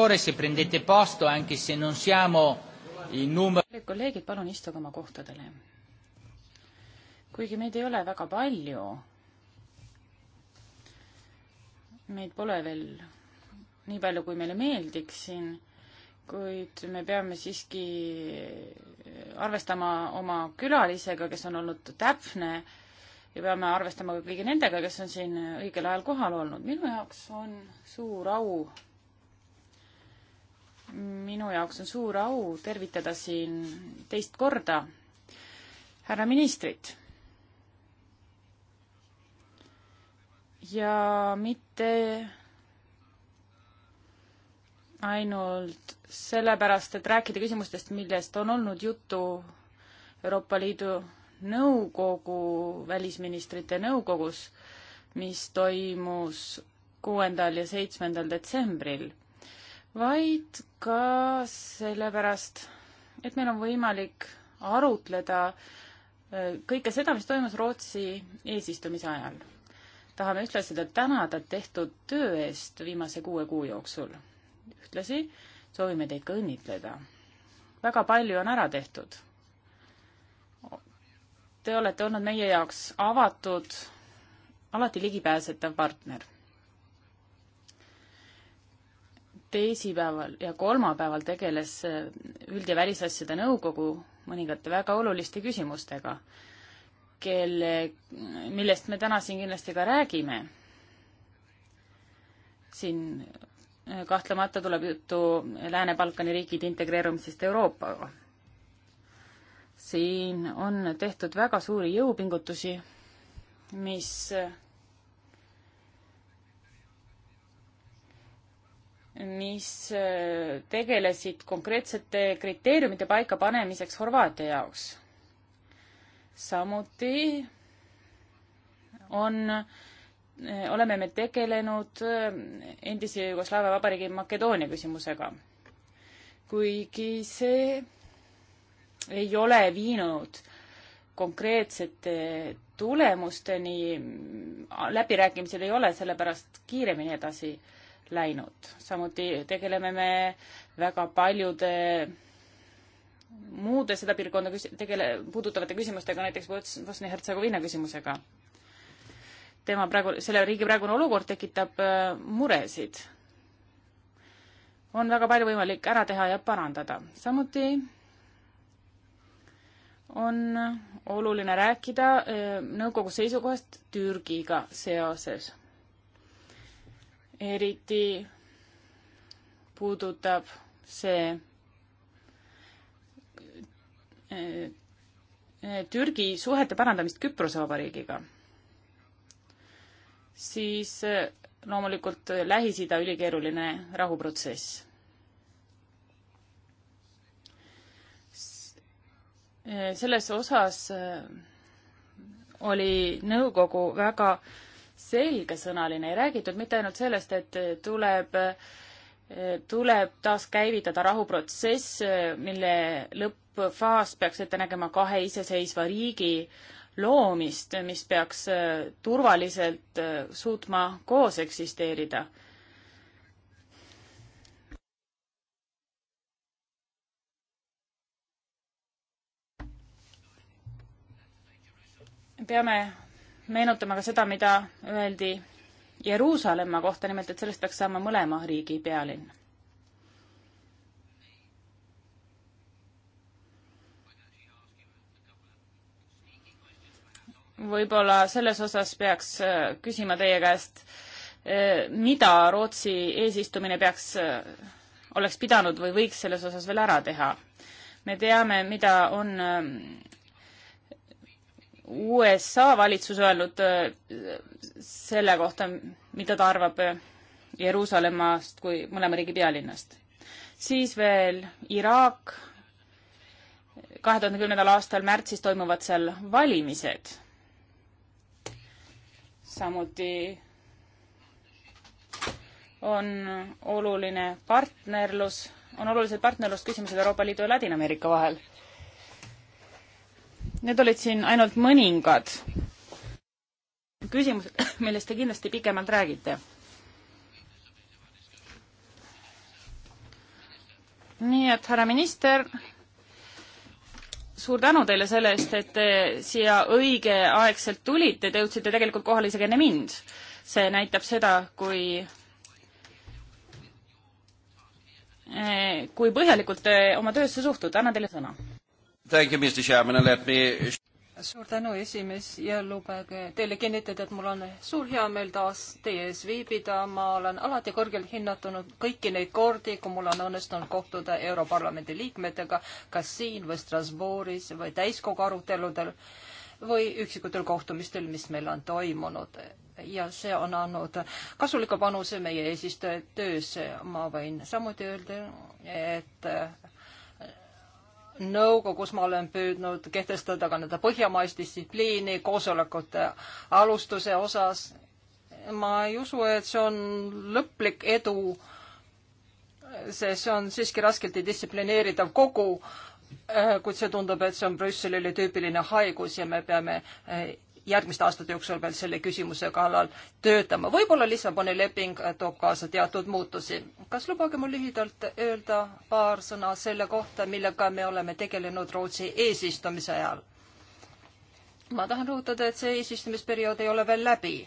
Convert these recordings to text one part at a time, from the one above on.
favore se prendete posto anche se non siamo in number... kolleegid, palun istuge oma kohtadele. kuigi meid ei ole väga palju, meid pole veel nii palju, kui meile meeldiks siin, kuid me peame siiski arvestama oma külalisega, kes on olnud täpne ja peame arvestama ka kõigi nendega, kes on siin õigel ajal kohal olnud. minu jaoks on suur au minu jaoks on suur au tervitada siin teist korda härra ministrit. ja mitte ainult sellepärast, et rääkida küsimustest, millest on olnud juttu Euroopa Liidu Nõukogu, välisministrite nõukogus, mis toimus kuuendal ja seitsmendal detsembril vaid ka sellepärast, et meil on võimalik arutleda äh, kõike seda, mis toimus Rootsi eesistumise ajal. tahame ühtlasi teid tänada tehtud töö eest viimase kuue kuu jooksul. ühtlasi soovime teid ka õnnitleda. väga palju on ära tehtud. Te olete olnud meie jaoks avatud, alati ligipääsetav partner teisipäeval ja kolmapäeval tegeles äh, üld- ja välisasjade nõukogu mõningate väga oluliste küsimustega, kelle, millest me täna siin kindlasti ka räägime. siin äh, kahtlemata tuleb juttu Lääne-Balkani riikide integreerumisest Euroopaga. siin on tehtud väga suuri jõupingutusi, mis äh, mis äh, tegelesid konkreetsete kriteeriumite paikapanemiseks Horvaatia jaoks. samuti on, äh, oleme me tegelenud äh, endise Jugoslaavia Vabariigi Makedoonia küsimusega. kuigi see ei ole viinud konkreetsete tulemusteni, läbirääkimised ei ole sellepärast kiiremini edasi äh, läinud. samuti tegeleme me väga paljude muude seda piirkonda küs-, tegele-, puudutavate küsimustega, näiteks Bosnia-Hertsegoviina küsimusega. tema praegu, selle riigi praegune olukord tekitab äh, muresid. on väga palju võimalik ära teha ja parandada. samuti on oluline rääkida äh, nõukogu seisukohast Türgiga seoses eriti puudutab see eh, Türgi suhete parandamist Küprose Vabariigiga, siis eh, loomulikult Lähis-Ida ülikeeruline rahuprotsess. Eh, selles osas oli nõukogu väga äh, selgesõnaline, ei räägitud mitte ainult sellest, et tuleb, tuleb taaskäivitada rahuprotsess, mille lõppfaas peaks ette nägema kahe iseseisva riigi loomist, mis peaks turvaliselt suutma koos eksisteerida. peame meenutama ka seda, mida öeldi Jeruusalemma kohta, nimelt et sellest peaks saama mõlema riigi pealinn. võib-olla selles osas peaks äh, küsima teie käest, äh, mida Rootsi eesistumine peaks, äh, oleks pidanud või võiks selles osas veel ära teha. me teame, mida on ähm, USA valitsus öelnud äh, selle kohta, mida ta arvab äh, Jeruusalemmast kui mõlema riigi pealinnast. siis veel Iraak, kahe tuhande kümnendal aastal märtsis toimuvad seal valimised. samuti on oluline partnerlus, on olulised partnerlusküsimused Euroopa Liidu ja Ladina-Ameerika vahel Need olid siin ainult mõningad küsimused, millest te kindlasti pikemalt räägite. nii et härra minister, suur tänu teile selle eest, et te siia õigeaegselt tulite, te jõudsite tegelikult kohale isegi enne mind. see näitab seda, kui eh, kui põhjalikult te oma töösse suhtute, annan teile sõna Thank you, Mr Chairman and let me suur tänu, esimees ja lubage teile kinnitada, et mul on suur heameel taas teie ees viibida. ma olen alati kõrgelt hinnatanud kõiki neid kordi, kui mul on õnnestunud kohtuda Europarlamendi liikmetega, kas siin või Strasbourgis või täiskogu aruteludel või üksikutel kohtumistel, mis meil on toimunud. ja see on andnud kasuliku panuse meie eesistuja töösse. ma võin samuti öelda, et nõukogus ma olen püüdnud kehtestada ka nende põhjamaist distsipliini koosolekute alustuse osas. ma ei usu, et see on lõplik edu, sest see on siiski raskelt distsiplineeritav kogu, äh, kuid see tundub, et see on Brüsselile tüüpiline haigus ja me peame äh, järgmiste aastate jooksul veel selle küsimuse kallal töötama. võib-olla Lissaboni leping toob kaasa teatud muutusi. kas lubage mul lühidalt öelda paar sõna selle kohta, millega me oleme tegelenud Rootsi eesistumise ajal? ma tahan rõhutada, et see eesistumisperiood ei ole veel läbi.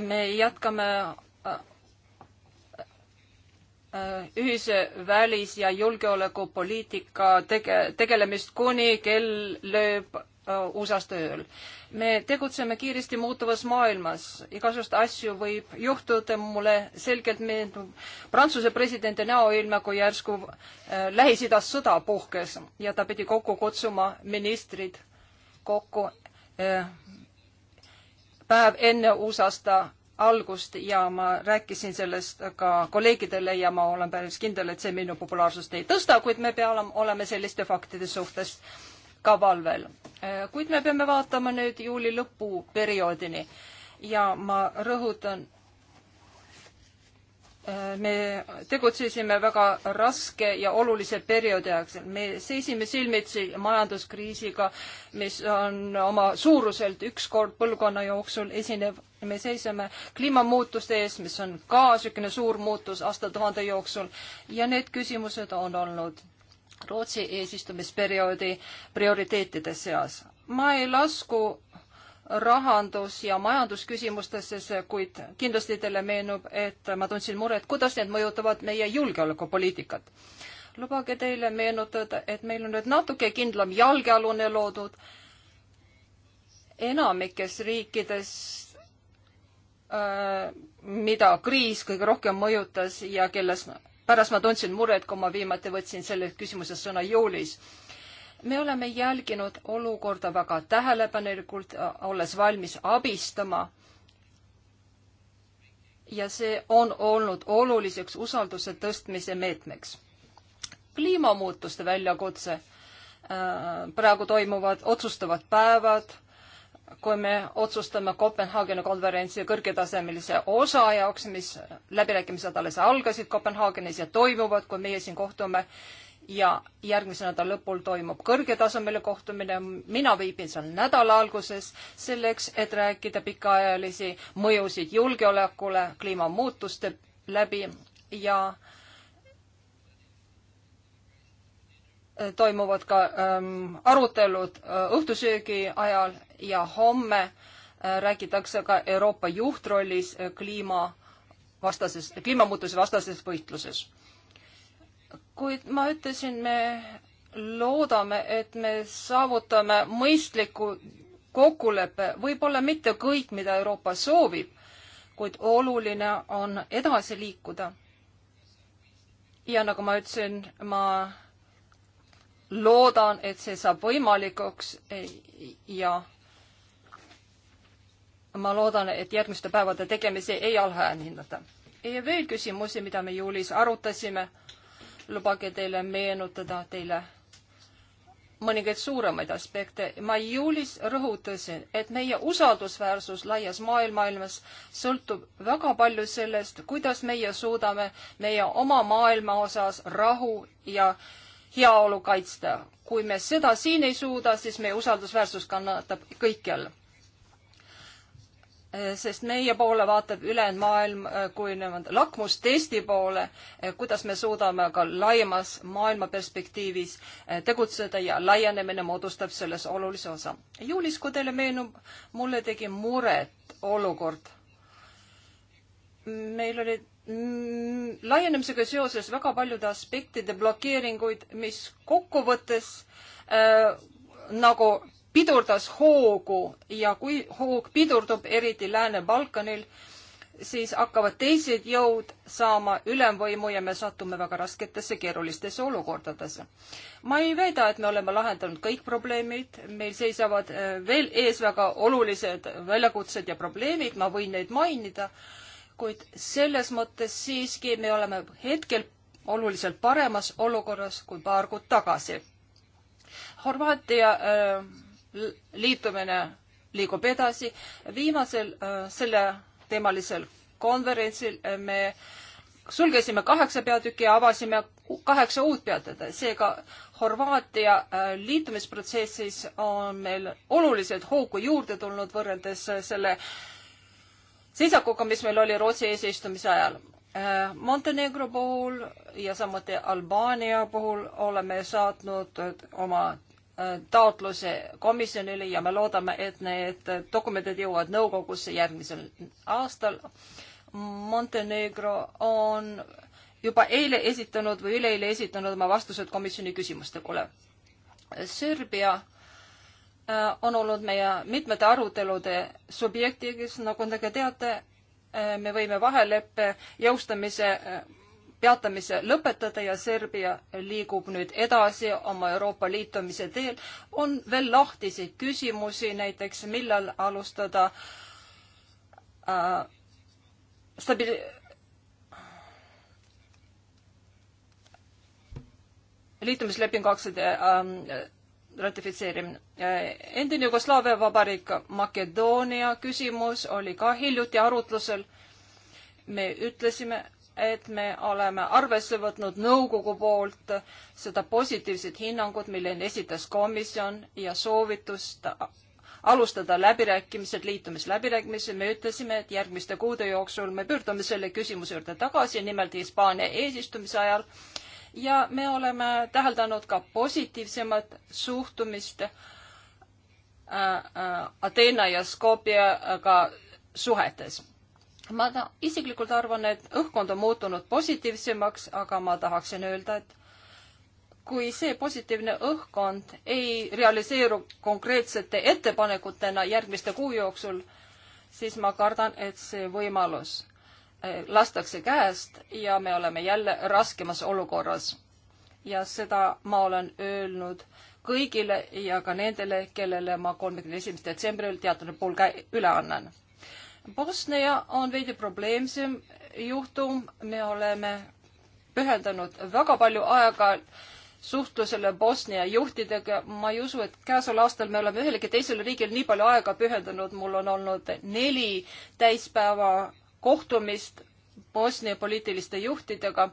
me jätkame äh, äh, ühise välis- ja julgeolekupoliitika tege-, tegelemist, kuni kell lööb Äh, USA-s tööl. me tegutseme kiiresti muutuvas maailmas, igasuguseid asju võib juhtuda, mulle selgelt meenub Prantsuse presidendi näoilme, kui järsku äh, Lähis-Idas sõda puhkes ja ta pidi kokku kutsuma ministrid kokku äh, päev enne USA-sta algust ja ma rääkisin sellest ka kolleegidele ja ma olen päris kindel, et see minu populaarsust ei tõsta, kuid me peame olema selliste faktide suhtes ka valvel Äh, kuid me peame vaatama nüüd juuli lõpuperioodini ja ma rõhutan, äh, me tegutsesime väga raske ja olulise perioodi ajal. me seisime silmitsi majanduskriisiga, mis on oma suuruselt üks kord põlvkonna jooksul esinev. me seisame kliimamuutuste ees, mis on ka niisugune suur muutus aastatuhande jooksul ja need küsimused on olnud Rootsi eesistumisperioodi prioriteetide seas. ma ei lasku rahandus- ja majandusküsimustesse, kuid kindlasti teile meenub, et ma tundsin muret, kuidas need mõjutavad meie julgeolekupoliitikat. lubage teile meenutada, et meil on nüüd natuke kindlam jalgealune loodud. enamikes riikides äh, mida kriis kõige rohkem mõjutas ja kellest pärast ma tundsin muret, kui ma viimati võtsin selles küsimuses sõna juulis. me oleme jälginud olukorda väga tähelepanelikult, olles valmis abistama. ja see on olnud oluliseks usalduse tõstmise meetmeks. kliimamuutuste väljakutse, äh, praegu toimuvad otsustavad päevad kui me otsustame Kopenhaageni konverentsi kõrgetasemelise osa jaoks, mis läbirääkimised alles algasid Kopenhaagenis ja toimuvad, kui meie siin kohtume ja järgmise nädala lõpul toimub kõrgetasemele kohtumine, mina viibin seal nädala alguses selleks, et rääkida pikaajalisi mõjusid julgeolekule kliimamuutuste läbi ja äh, Äh, toimuvad ka ähm, arutelud äh, õhtusöögi ajal ja homme äh, räägitakse ka Euroopa juhtrollis äh, kliimavastases, kliimamuutuse vastases võitluses. kuid ma ütlesin, me loodame, et me saavutame mõistliku kokkuleppe, võib-olla mitte kõik, mida Euroopa soovib, kuid oluline on edasi liikuda. ja nagu ma ütlesin, ma loodan, et see saab võimalikuks ja ma loodan, et järgmiste päevade tegemisi ei alhahinnata. ja veel küsimusi, mida me juulis arutasime. lubage teile meenutada teile mõningaid suuremaid aspekte. ma juulis rõhutasin, et meie usaldusväärsus laias maailmas sõltub väga palju sellest, kuidas meie suudame meie oma maailma osas rahu ja äh, heaolu kaitsta. kui me seda siin ei suuda, siis meie usaldusväärsus kannatab kõikjal. Äh, sest meie poole vaatab ülejäänud maailm äh, kui nii-öelda lakmustesti poole, äh, kuidas me suudame ka laiemas maailma perspektiivis tegutseda ja laienemine moodustab selles olulise osa. juulis, kui teile meenub, mulle tegi muret olukord. meil olid Mm, laienemisega seoses väga paljude aspektide blokeeringuid, mis kokkuvõttes äh, nagu pidurdas hoogu ja kui hoog pidurdub, eriti Lääne-Balkanil, siis hakkavad teised jõud saama ülemvõimu ja me satume väga rasketesse keerulistesse olukordadesse. ma ei väida, et me oleme lahendanud kõik probleemid, meil seisavad äh, veel ees väga olulised väljakutsed ja probleemid, ma võin neid mainida kuid selles mõttes siiski me oleme hetkel oluliselt paremas olukorras kui paar kuud tagasi. Horvaatia äh, liitumine liigub edasi. viimasel äh, selle teemalisel konverentsil äh, me sulgesime kaheksa peatükki ja avasime kaheksa uut peatükki, seega Horvaatia liitumisprotsessis on meil oluliselt hoogu juurde tulnud võrreldes selle äh, seisakuga, mis meil oli Rootsi eesistumise ajal. Äh, Montenegro puhul ja samuti Albaania puhul oleme saatnud äh, oma äh, taotluse komisjonile ja me loodame, et need dokumendid jõuavad nõukogusse järgmisel aastal. Montenegro on juba eile esitanud või üleeile esitanud oma vastused komisjoni küsimustele. Serbia Äh, on olnud meie mitmete arutelude subjektiks, nagu te ka teate, äh, me võime vaheleppe jõustamise äh, peatamise lõpetada ja Serbia liigub nüüd edasi oma Euroopa liitumise teel. on veel lahtisi küsimusi, näiteks millal alustada äh, stabi-, liitumislepingu aktsiate ähm, ratifitseerimine. Äh, endine Jugoslaavia vabariik Makedoonia küsimus oli ka hiljuti arutlusel. me ütlesime, et me oleme arvesse võtnud nõukogu poolt seda positiivset hinnangut, milleni esitas komisjon ja soovitust alustada läbirääkimised, liitumisläbirääkimised, me ütlesime, et järgmiste kuude jooksul me pöördume selle küsimuse juurde tagasi, nimelt Hispaania eesistumise ajal äh, ja me oleme täheldanud ka positiivsemat suhtumist äh, äh, Ateena ja Skopjaga suhetes. ma ta-, isiklikult arvan, et õhkkond on muutunud positiivsemaks, aga ma tahaksin öelda, et kui see positiivne õhkkond ei realiseeru konkreetsete ettepanekutena järgmiste kuu jooksul, siis ma kardan, et see võimalus lastakse käest ja me oleme jälle raskemas olukorras. ja seda ma olen öelnud kõigile ja ka nendele, kellele ma kolmekümne esimesel detsembril teatud pool üle annan. Bosnia on veidi probleemsem juhtum, me oleme pühendanud väga palju aega suhtlusele Bosnia juhtidega, ma ei usu, et käesoleval aastal me oleme ühelegi teisele riigile nii palju aega pühendanud, mul on olnud neli täispäeva kohtumist Bosnia poliitiliste juhtidega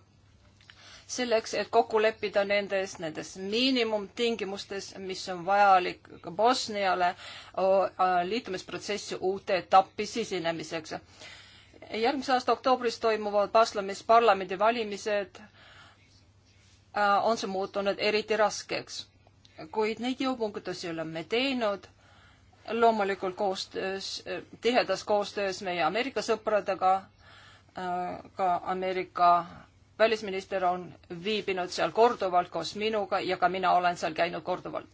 selleks, et kokku leppida nendes, nendes miinimumtingimustes, mis on vajalik ka Bosniale liitumisprotsessi uute etappi sisenemiseks. järgmise aasta oktoobris toimuvad Baslamis parlamendivalimised. on see muutunud eriti raskeks, kuid neid jõupingutusi oleme teinud loomulikult koostöös, tihedas koostöös meie Ameerika sõpradega, äh, ka Ameerika välisminister on viibinud seal korduvalt koos minuga ja ka mina olen seal käinud korduvalt.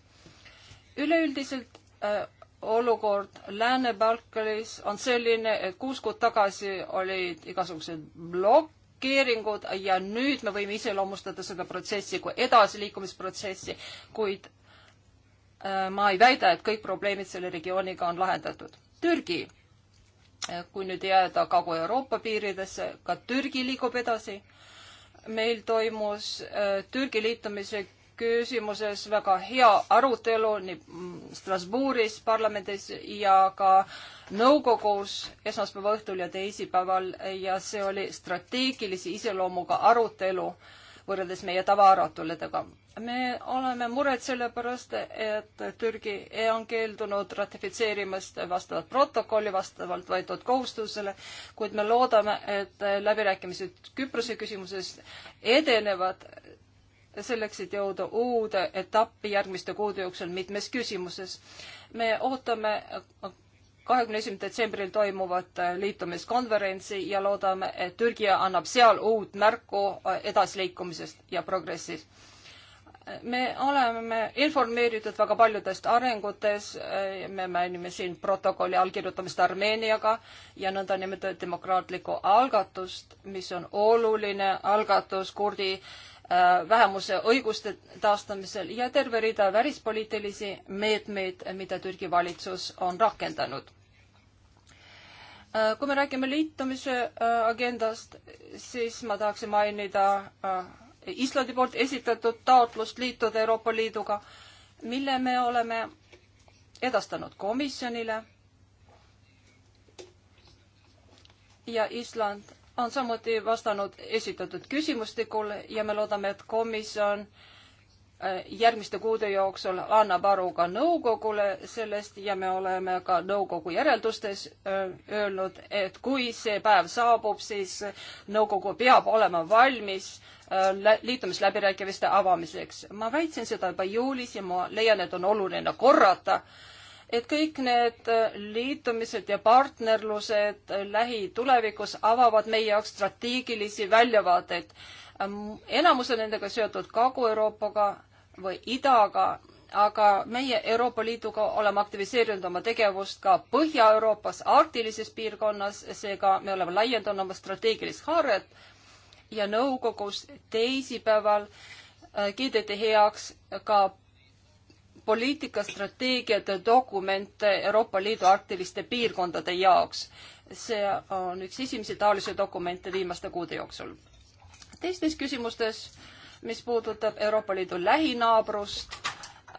üleüldiselt äh, olukord Lääne-Balkanis on selline, et kuus kuud tagasi olid igasugused blokeeringud ja nüüd me võime iseloomustada seda protsessi kui edasiliikumisprotsessi, kuid Äh, ma ei väida, et kõik probleemid selle regiooniga on lahendatud. Türgi, äh, kui nüüd jääda Kagu-Euroopa piiridesse, ka Türgi liigub edasi. meil toimus äh, Türgi liitumise küsimuses väga hea arutelu nii mm, Strasbourgis parlamendis ja ka nõukogus esmaspäeva õhtul ja teisipäeval ja see oli strateegilise iseloomuga arutelu võrreldes meie tavaarutuludega me oleme mured sellepärast, et Türgi on keeldunud ratifitseerimast vastavat protokolli vastavalt võetud kohustusele, kuid me loodame, et läbirääkimised Küprose küsimuses edenevad selleks, et jõuda uude etappi järgmiste kuude jooksul mitmes küsimuses. me ootame kahekümne esimesel detsembril toimuvat liitumiskonverentsi ja loodame, et Türgi annab seal uut märku edasiliikumisest ja progressist me oleme informeeritud väga paljudest arengutes, me mainime siin protokolli allkirjutamist Armeeniaga ja nõndanimetatud demokraatlikku algatust, mis on oluline algatus kurdi äh, vähemuse õiguste taastamisel ja terve rida välispoliitilisi meetmeid, mida Türgi valitsus on rakendanud. Äh, kui me räägime liitumise äh, agendast, siis ma tahaksin mainida Islandi poolt esitatud taotlust liituda Euroopa Liiduga, mille me oleme edastanud komisjonile. ja Island on samuti vastanud esitatud küsimustikule ja me loodame, et komisjon äh, järgmiste kuude jooksul annab aru ka nõukogule sellest ja me oleme ka nõukogu järeldustes äh, öelnud, et kui see päev saabub, siis nõukogu peab olema valmis äh, Äh, liitumisläbirääkimiste avamiseks. ma väitsin seda juba juulis ja ma leian, et on oluline korrata, et kõik need äh, liitumised ja partnerlused äh, lähitulevikus avavad meie jaoks strateegilisi väljavaateid. enamus on nendega seotud Kagu-Euroopaga või Idaga, aga meie Euroopa Liiduga oleme aktiviseerinud oma tegevust ka Põhja-Euroopas, Arktilises piirkonnas, seega me oleme laiendanud oma strateegilist haaret ja nõukogus teisipäeval äh, kiideti heaks ka poliitikastrateegiate dokument Euroopa Liidu arktiliste piirkondade jaoks. see on üks esimesi taolisi dokumente viimaste kuude jooksul. teistes küsimustes, mis puudutab Euroopa Liidu lähinaabrust,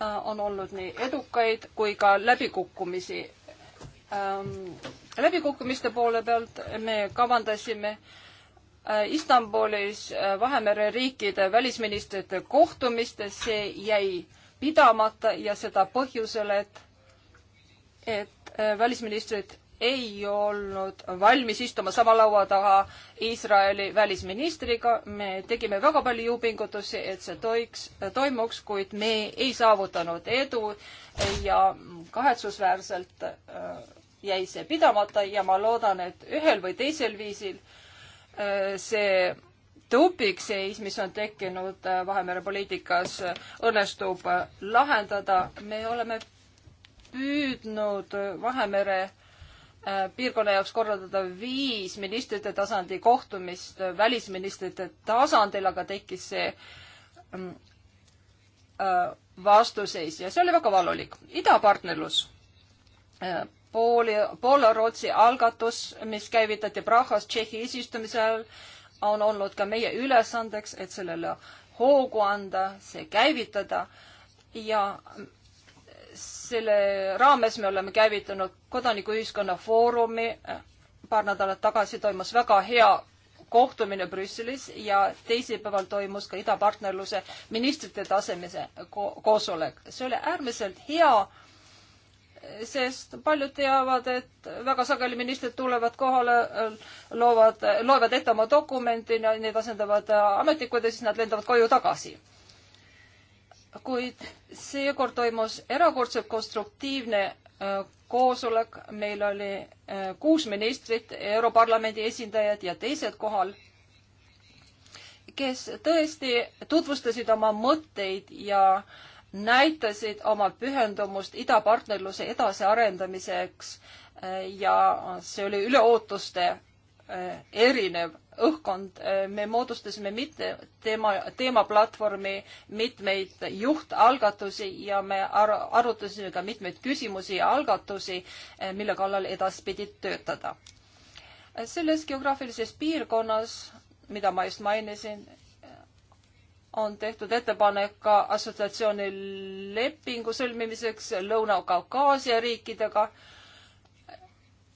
äh, on olnud nii edukaid kui ka läbikukkumisi. Ähm, läbikukkumiste poole pealt me kavandasime äh, Äh, Istanbulis äh, Vahemere riikide välisministrite kohtumistes, see jäi pidamata ja seda põhjusel, et, et äh, välisministrid ei olnud valmis istuma sama laua taha Iisraeli välisministriga. me tegime väga palju jõupingutusi, et see toiks, toimuks, kuid me ei saavutanud edu ja kahetsusväärselt jäi see pidamata ja ma loodan, et ühel või teisel viisil äh, Äh, see tupikseis, mis on tekkinud äh, Vahemere poliitikas, äh, õnnestub lahendada. me oleme püüdnud Vahemere piirkonna jaoks korraldada viis ministrite tasandi kohtumist välisministrite tasandil, aga tekkis see mm, vastuseis ja see oli väga valulik. idapartnerlus Pooli, Poola-Rootsi algatus, mis käivitati Prahas Tšehhi eesistumise ajal, on olnud ka meie ülesandeks, et sellele hoogu anda, see käivitada ja selle raames me oleme käivitanud kodanikuühiskonna foorumi. paar nädalat tagasi toimus väga hea kohtumine Brüsselis ja teisipäeval toimus ka idapartnerluse ministrite tasemise ko koosolek. see oli äärmiselt hea sest paljud teavad, et väga sageli ministrid tulevad kohale, loovad, loevad ette oma dokumendi, neid asendavad ametnikud ja siis nad lendavad koju tagasi. kuid seekord toimus erakordselt konstruktiivne äh, koosolek, meil oli äh, kuus ministrit, Europarlamendi esindajad ja teised kohal, kes tõesti tutvustasid oma mõtteid ja äh, näitasid oma pühendumust idapartnerluse edasiarendamiseks eh, ja see oli üle ootuste eh, erinev õhkkond. Eh, me moodustasime mitte teema, teemaplatvormi, mitmeid juhtalgatusi ja me ar arutasime ka mitmeid küsimusi ja algatusi, mille kallal edaspidi töötada. selles geograafilises piirkonnas, mida ma just mainisin, on tehtud ettepanek ka assotsiatsiooni lepingu sõlmimiseks Lõuna-Kaukaasia riikidega.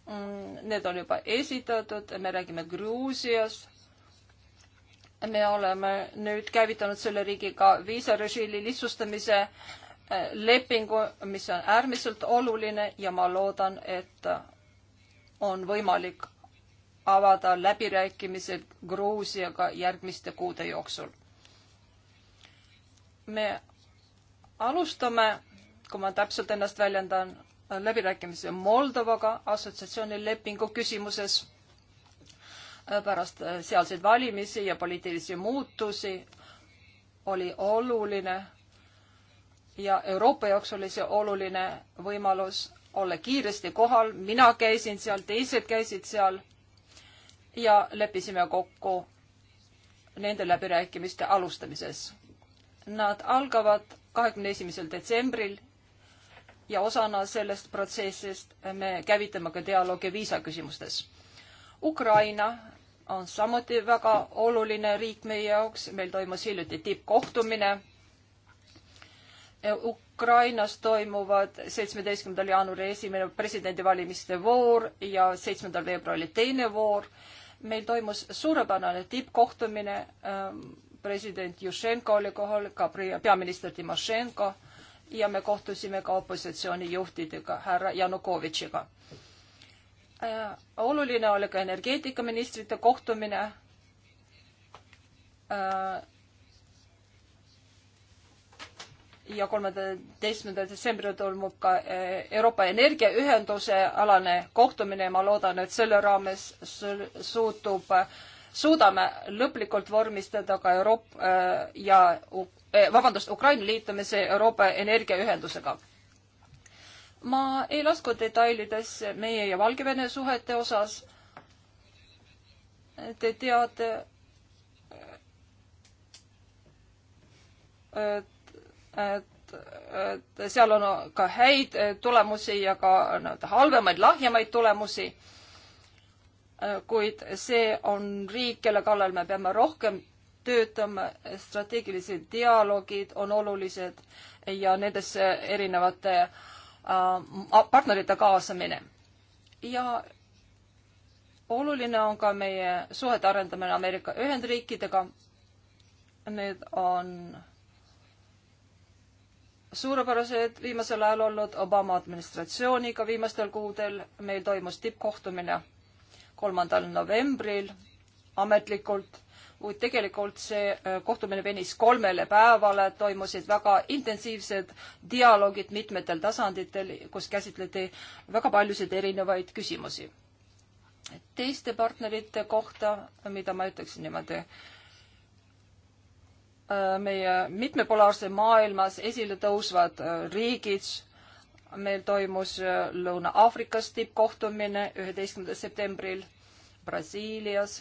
Mm, need on juba esitatud, me räägime Gruusias. me oleme nüüd käivitanud selle riigiga viisarežiili lihtsustamise eh, lepingu, mis on äärmiselt oluline ja ma loodan, et on võimalik avada läbirääkimised Gruusiaga järgmiste kuude jooksul me alustame, kui ma täpselt ennast väljendan, läbirääkimisi Moldovaga assotsiatsioonilepingu küsimuses pärast äh, sealseid valimisi ja poliitilisi muutusi oli oluline ja Euroopa jaoks oli see oluline võimalus olla kiiresti kohal, mina käisin seal, teised käisid seal ja leppisime kokku nende läbirääkimiste alustamises. Nad algavad kahekümne esimesel detsembril ja osana sellest protsessist me käivitame ka dialoogi viisaküsimustes. Ukraina on samuti väga oluline riik meie jaoks, meil toimus hiljuti tippkohtumine. E, Ukrainas toimuvad seitsmeteistkümnendal jaanuaril esimene presidendivalimiste voor ja seitsmendal veebruaril teine voor. meil toimus suurepärane tippkohtumine ähm, president Jušenko oli kohal, ka peaminister Timošenko ja me kohtusime ka opositsioonijuhtidega, härra Janukovitšiga. Äh, oluline oli ka energeetikaministrite kohtumine. Äh, ja kolmeteistkümnendal detsembril toimub ka äh, Euroopa Energiaühenduse alane kohtumine ja ma loodan, et selle raames suutub suudame lõplikult vormistada ka Euroopa äh, ja äh, vabandust, Ukraina liitumise Euroopa energiaühendusega. ma ei lasku detailidesse meie ja Valgevene suhete osas. Te teate, et, et, et seal on ka häid tulemusi ja ka nii-öelda noh, halvemaid, lahjemaid tulemusi kuid see on riik, kelle kallal me peame rohkem töötama, strateegilised dialoogid on olulised ja nendesse erinevate äh, partnerite kaasamine. ja oluline on ka meie suhete arendamine Ameerika Ühendriikidega. Need on suurepärased viimasel ajal olnud Obama administratsiooniga viimastel kuudel. meil toimus tippkohtumine kolmandal novembril ametlikult, kuid tegelikult see äh, kohtumine venis kolmele päevale, toimusid väga intensiivsed dialoogid mitmetel tasanditel, kus käsitleti väga paljusid erinevaid küsimusi. teiste partnerite kohta, mida ma ütleksin niimoodi, äh, meie mitmepolaarse maailmas esile tõusvad äh, riigid, meil toimus äh, Lõuna-Aafrikas tippkohtumine üheteistkümnendal septembril, Brasiilias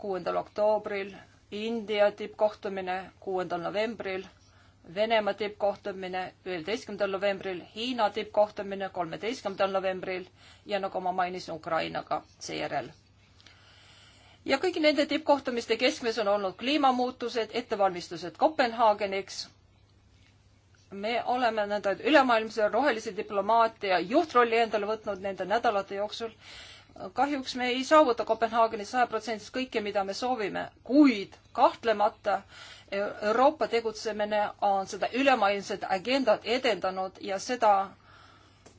kuuendal oktoobril, India tippkohtumine kuuendal novembril, Venemaa tippkohtumine üheteistkümnendal novembril, Hiina tippkohtumine kolmeteistkümnendal novembril ja nagu ma mainisin, Ukrainaga seejärel. ja kõigi nende tippkohtumiste keskmes on olnud kliimamuutused, ettevalmistused Kopenhaageniks me oleme nende ülemaailmse rohelise diplomaatia juhtrolli endale võtnud nende nädalate jooksul. kahjuks me ei saavuta Kopenhaagenis sajaprotsendiliselt kõike, mida me soovime, kuid kahtlemata e-, Euroopa tegutsemine on seda ülemaailmset agendat edendanud ja seda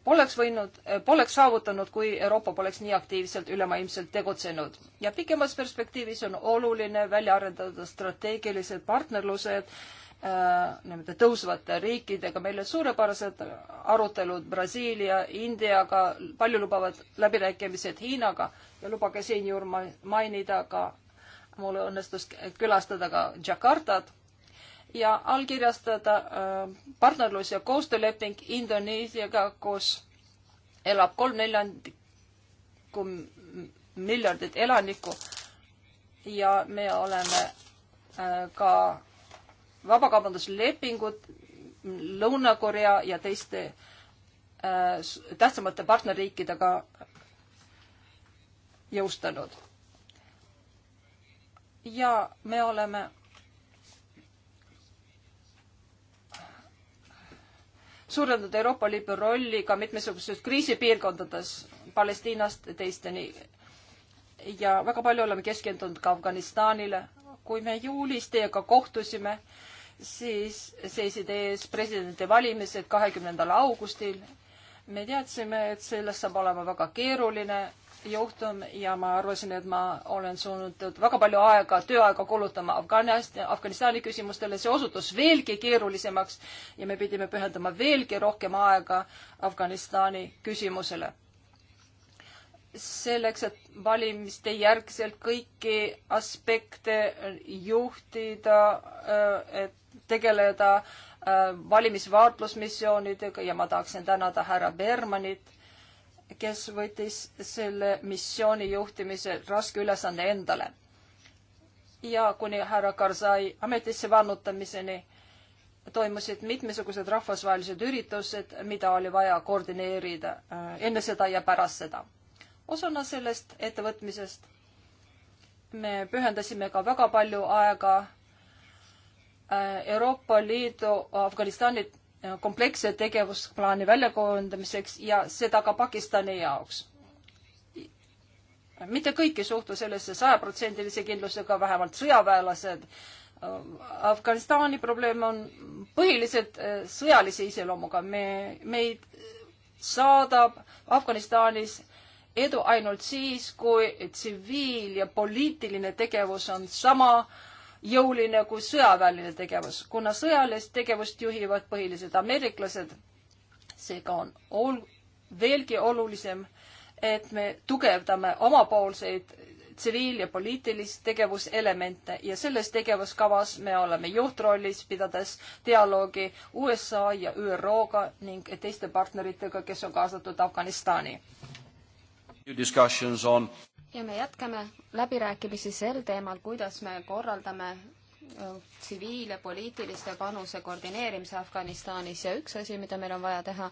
poleks võinud, poleks saavutanud, kui Euroopa poleks nii aktiivselt ülemaailmselt tegutsenud. ja pikemas perspektiivis on oluline välja arendada strateegilised partnerlused Äh, nii-öelda tõusvate riikidega, meil olid suurepärased arutelud Brasiilia, Indiaga, paljulubavad läbirääkimised Hiinaga ja lubage siinjuures ma mainida ka, mul õnnestus külastada ka Jakartat ja allkirjastada äh, partnerlus- ja koostööleping Indoneesiaga, kus elab kolm neljandikku miljardit elanikku ja me oleme äh, ka vabakaubanduslepingud Lõuna-Korea ja teiste äh, tähtsamate partnerriikidega jõustanud. ja me oleme suurendanud Euroopa Liidu rolli ka mitmesugustes kriisipiirkondades Palestiinast teisteni. ja väga palju oleme keskendunud ka Afganistanile. kui me juulis teiega kohtusime äh,, siis seisid ees presidendivalimised kahekümnendal augustil. me teadsime, et sellest saab olema väga keeruline juhtum ja ma arvasin, et ma olen suunatud väga palju aega, tööaega kulutama Afganist, Afganistani küsimustele, see osutus veelgi keerulisemaks ja me pidime pühendama veelgi rohkem aega Afganistani küsimusele selleks, et valimiste järgselt kõiki aspekte juhtida, äh, et tegeleda äh, valimisvaatlusmissioonidega ja ma tahaksin tänada härra Bermanit, kes võttis selle missiooni juhtimise raske ülesande endale. ja kuni härra Karzai ametisse vannutamiseni toimusid mitmesugused rahvusvahelised üritused, mida oli vaja koordineerida äh, enne seda ja pärast seda osana sellest ettevõtmisest me pühendasime ka väga palju aega äh, Euroopa Liidu Afganistani äh, kompleksse tegevusplaani väljakujundamiseks ja seda ka Pakistani jaoks. mitte kõik ei suhtu sellesse sajaprotsendilise kindlusega, vähemalt sõjaväelased. Äh, Afganistani probleem on põhiliselt sõjalise iseloomuga. me, meid saadab Afganistanis edu ainult siis, kui tsiviil ja poliitiline tegevus on sama jõuline kui sõjaväeline tegevus. kuna sõjalist tegevust juhivad põhiliselt ameeriklased, seega on ol-, veelgi olulisem, et me tugevdame omapoolseid tsiviil- ja poliitilist tegevuselemente ja selles tegevuskavas me oleme juhtrollis, pidades dialoogi USA ja ÜRO-ga ning teiste partneritega, kes on kaasatud Afganistani ja me jätkame läbirääkimisi sel teemal, kuidas me korraldame tsiviil- ja poliitiliste panuse koordineerimise Afganistanis ja üks asi, mida meil on vaja teha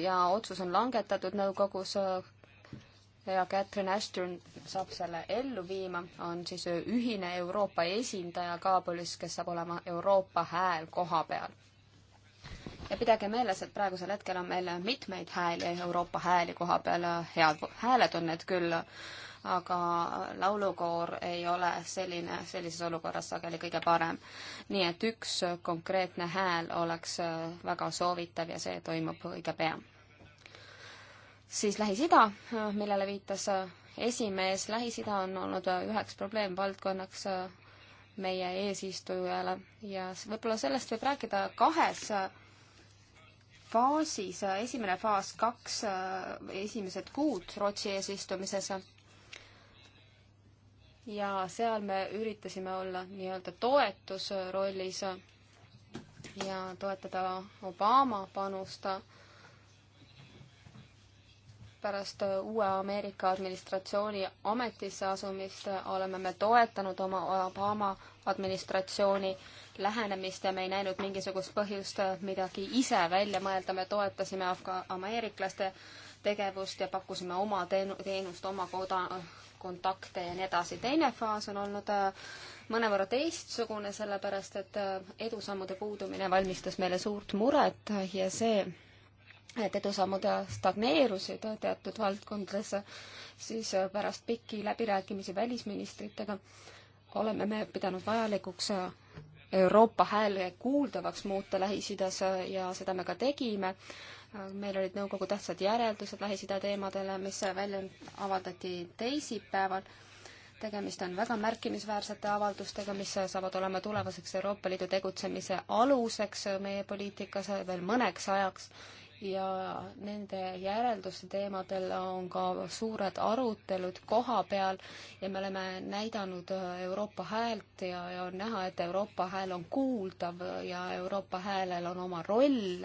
ja otsus on langetatud nõukogus ja Catherine Ashton saab selle ellu viima, on siis ühine Euroopa esindaja Kaabulis, kes saab olema Euroopa hääl koha peal ja pidage meeles, et praegusel hetkel on meil mitmeid hääli, Euroopa hääli koha peal, head hääled on need küll, aga laulukoor ei ole selline, sellises olukorras sageli kõige parem. nii et üks konkreetne hääl oleks väga soovitav ja see toimub õige pea. siis Lähis-Ida, millele viitas esimees, Lähis-Ida on olnud üheks probleemvaldkonnaks meie eesistujale ja võib-olla sellest võib rääkida kahes faasis, äh, esimene faas, kaks äh, esimesed kuud Rootsi eesistumises. ja seal me üritasime olla nii-öelda toetusrollis äh, ja toetada Obama panust pärast uue Ameerika administratsiooni ametisse asumist oleme me toetanud oma Obama administratsiooni äh, lähenemist ja me ei näinud mingisugust põhjust äh, midagi ise välja mõelda, me toetasime afga-, ameeriklaste tegevust ja pakkusime oma teenu-, teenust, oma koda-, kontakte ja nii edasi. teine faas on olnud äh, mõnevõrra teistsugune, sellepärast et äh, edusammude puudumine valmistas meile suurt muret ja see, et edusammud stagneerusid teatud valdkondades, siis pärast pikki läbirääkimisi välisministritega oleme me pidanud vajalikuks Euroopa hääle kuuldavaks muuta Lähis-Idas ja seda me ka tegime. meil olid nõukogu tähtsad järeldused Lähis-Ida teemadele, mis välja avaldati teisipäeval. tegemist on väga märkimisväärsete avaldustega, mis saavad olema tulevaseks Euroopa Liidu tegutsemise aluseks meie poliitikas veel mõneks ajaks ja nende järelduste teemadel on ka suured arutelud koha peal ja me oleme näidanud äh, Euroopa häält ja, ja on näha, et Euroopa hääl on kuuldav ja Euroopa häälel on oma roll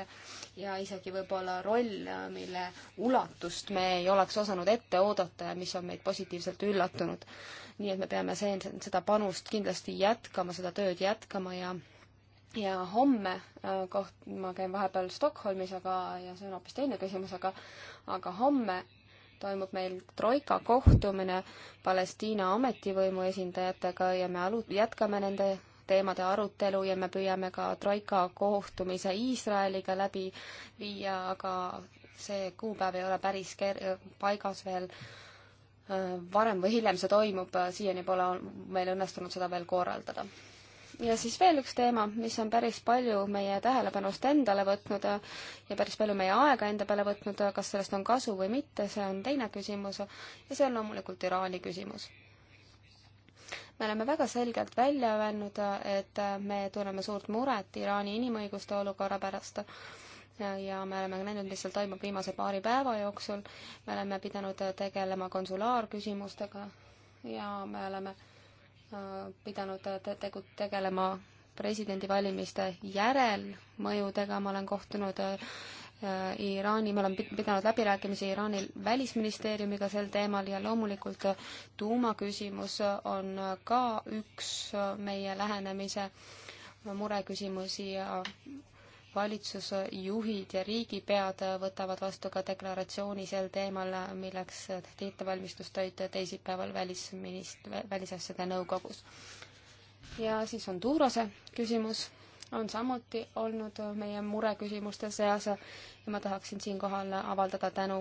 ja isegi võib-olla roll, äh, mille ulatust me ei oleks osanud ette oodata ja mis on meid positiivselt üllatunud. nii et me peame see, seda panust kindlasti jätkama, seda tööd jätkama ja ja homme äh, koht-, ma käin vahepeal Stockholmis, aga, ja see on hoopis teine küsimus, aga, aga homme toimub meil troika kohtumine Palestiina ametivõimu esindajatega ja me alu-, jätkame nende teemade arutelu ja me püüame ka troika kohtumise Iisraeliga läbi viia, aga see kuupäev ei ole päris ker-, paigas veel. Äh, varem või hiljem see toimub, siiani pole meil õnnestunud seda veel korraldada ja siis veel üks teema, mis on päris palju meie tähelepanust endale võtnud äh, ja päris palju meie aega enda peale võtnud, äh, kas sellest on kasu või mitte, see on teine küsimus ja see on loomulikult Iraani küsimus. me oleme väga selgelt välja öelnud, äh, et me tunneme suurt muret Iraani inimõiguste olukorra pärast ja, ja me oleme näinud, mis seal toimub viimase paari päeva jooksul, me oleme pidanud tegelema konsulaarküsimustega ja me oleme äh, Äh, pidanud äh, tegu-, tegelema presidendivalimiste järelmõjudega, ma olen kohtunud äh, Iraani, me oleme pidanud läbirääkimisi Iraani välisministeeriumiga sel teemal ja loomulikult tuumaküsimus on ka üks meie lähenemise mureküsimusi ja valitsuse juhid ja riigipead võtavad vastu ka deklaratsiooni sel teemal, milleks tehti ettevalmistustöid teisipäeval välisminist-, välisasjade nõukogus. ja siis Hondurase küsimus on samuti olnud meie mureküsimuste seas ja ma tahaksin siinkohal avaldada tänu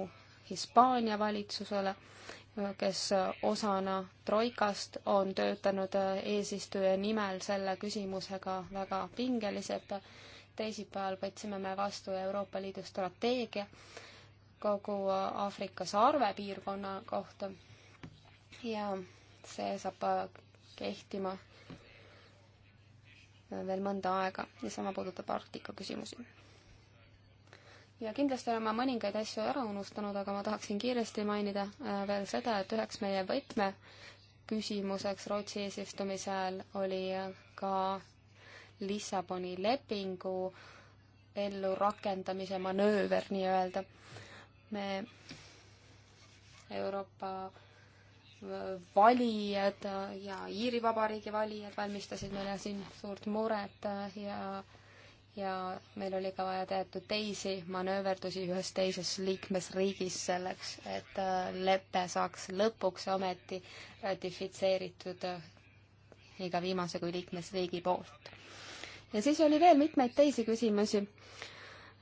Hispaania valitsusele, kes osana Troikast on töötanud eesistuja nimel selle küsimusega väga pingeliselt teisipäeval võtsime me vastu Euroopa Liidu strateegia kogu Aafrika sarve piirkonna kohta ja see saab kehtima veel mõnda aega ja sama puudutab Arktika küsimusi. ja kindlasti olen ma mõningaid asju ära unustanud, aga ma tahaksin kiiresti mainida äh, veel seda, et üheks meie võtme küsimuseks Rootsi eesistumise ajal oli äh, ka Lissaboni lepingu ellurakendamise manööver nii-öelda. me Euroopa valijad ja Iiri Vabariigi valijad valmistasid meile siin suurt muret ja ja meil oli ka vaja teatud teisi manööverdusi ühes teises liikmesriigis selleks, et lepe saaks lõpuks ometi ratifitseeritud iga viimase kui liikmesriigi poolt ja siis oli veel mitmeid teisi küsimusi.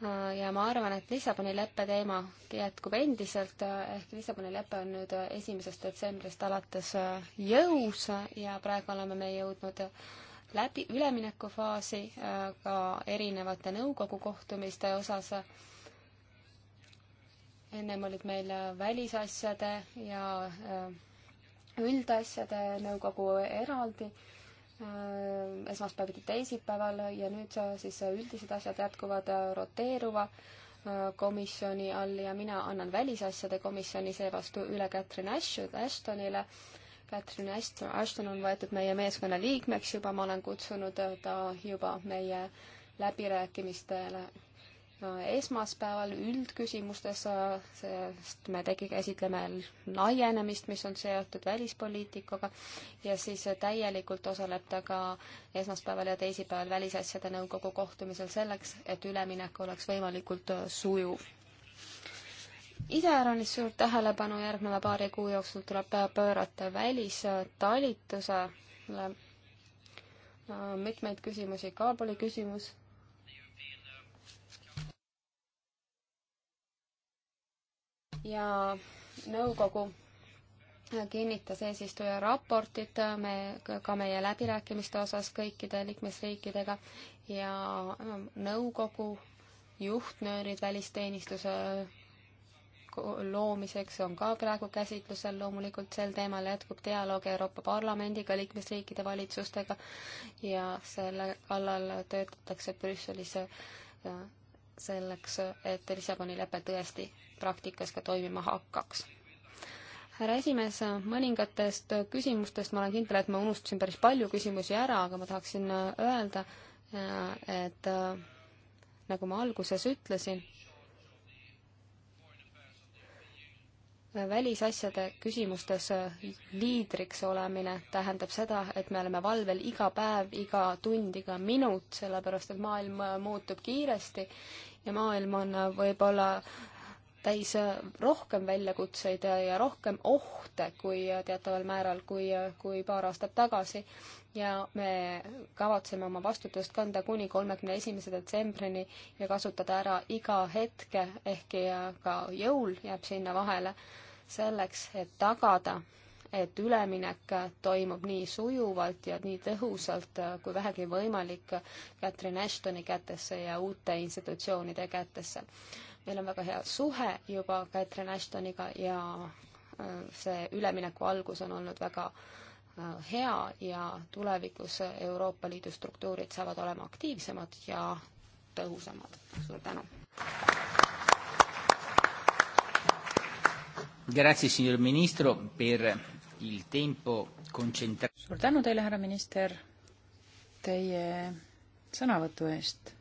Äh, ja ma arvan, et Lissaboni leppe teema jätkub endiselt, äh, ehk Lissaboni lepe on nüüd äh, esimesest detsembrist alates jõus ja praegu oleme me jõudnud läbi, üleminekufaasi ka erinevate nõukogu kohtumiste osas. ennem olid meil välisasjade ja üldasjade nõukogu eraldi äh, Äh, esmaspäeviti teisipäeval ja nüüd siis üldised asjad jätkuvad roteeruva äh, komisjoni all ja mina annan välisasjade komisjoni seevastu üle Catherine Ashtonile. Catherine Ashton on võetud meie meeskonna liikmeks juba, ma olen kutsunud ta juba meie läbirääkimistele esmaspäeval üldküsimustes, sest me tegi, käsitleme laienemist, mis on seotud välispoliitikaga ja siis täielikult osaleb ta ka esmaspäeval ja teisipäeval Välisasjade Nõukogu kohtumisel selleks, et üleminek oleks võimalikult äh, sujuv. iseäranis suurt tähelepanu järgneva paari kuu jooksul tuleb pöörata välistalitusele äh, mitmeid küsimusi, Kaabuli küsimus ja nõukogu kinnitas eesistuja raportit me, ka meie läbirääkimiste osas kõikide liikmesriikidega ja ähm, nõukogu juhtnöörid välisteenistuse loomiseks on ka praegu käsitlusel, loomulikult sel teemal jätkub dialoog Euroopa Parlamendiga, liikmesriikide valitsustega ja selle kallal töötatakse Brüsselis äh, selleks, et Lissaboni lepe tõesti praktikas ka toimima hakkaks. härra esimees, mõningatest küsimustest ma olen kindel, et ma unustasin päris palju küsimusi ära, aga ma tahaksin öelda, et nagu ma alguses ütlesin, välisasjade küsimustes liidriks olemine tähendab seda, et me oleme valvel iga päev, iga tund, iga minut, sellepärast et maailm muutub kiiresti ja maailm on äh, võib-olla täis äh, rohkem väljakutseid ja rohkem ohte kui äh, teataval määral, kui, kui paar aastat tagasi. ja me kavatseme oma vastutust kanda kuni kolmekümne esimese detsembrini ja kasutada ära iga hetke, ehkki ka jõul jääb sinna vahele, selleks, et tagada et üleminek toimub nii sujuvalt ja nii tõhusalt kui vähegi võimalik Catherine Ashtoni kätesse ja uute institutsioonide kätesse. meil on väga hea suhe juba Catherine Ashtoniga ja äh, see ülemineku algus on olnud väga äh, hea ja tulevikus Euroopa Liidu struktuurid saavad olema aktiivsemad ja tõhusamad. suur tänu! Grazie signor Ministro per il tempo concentra-. suur tänu teile, härra minister, teie sõnavõtu eest.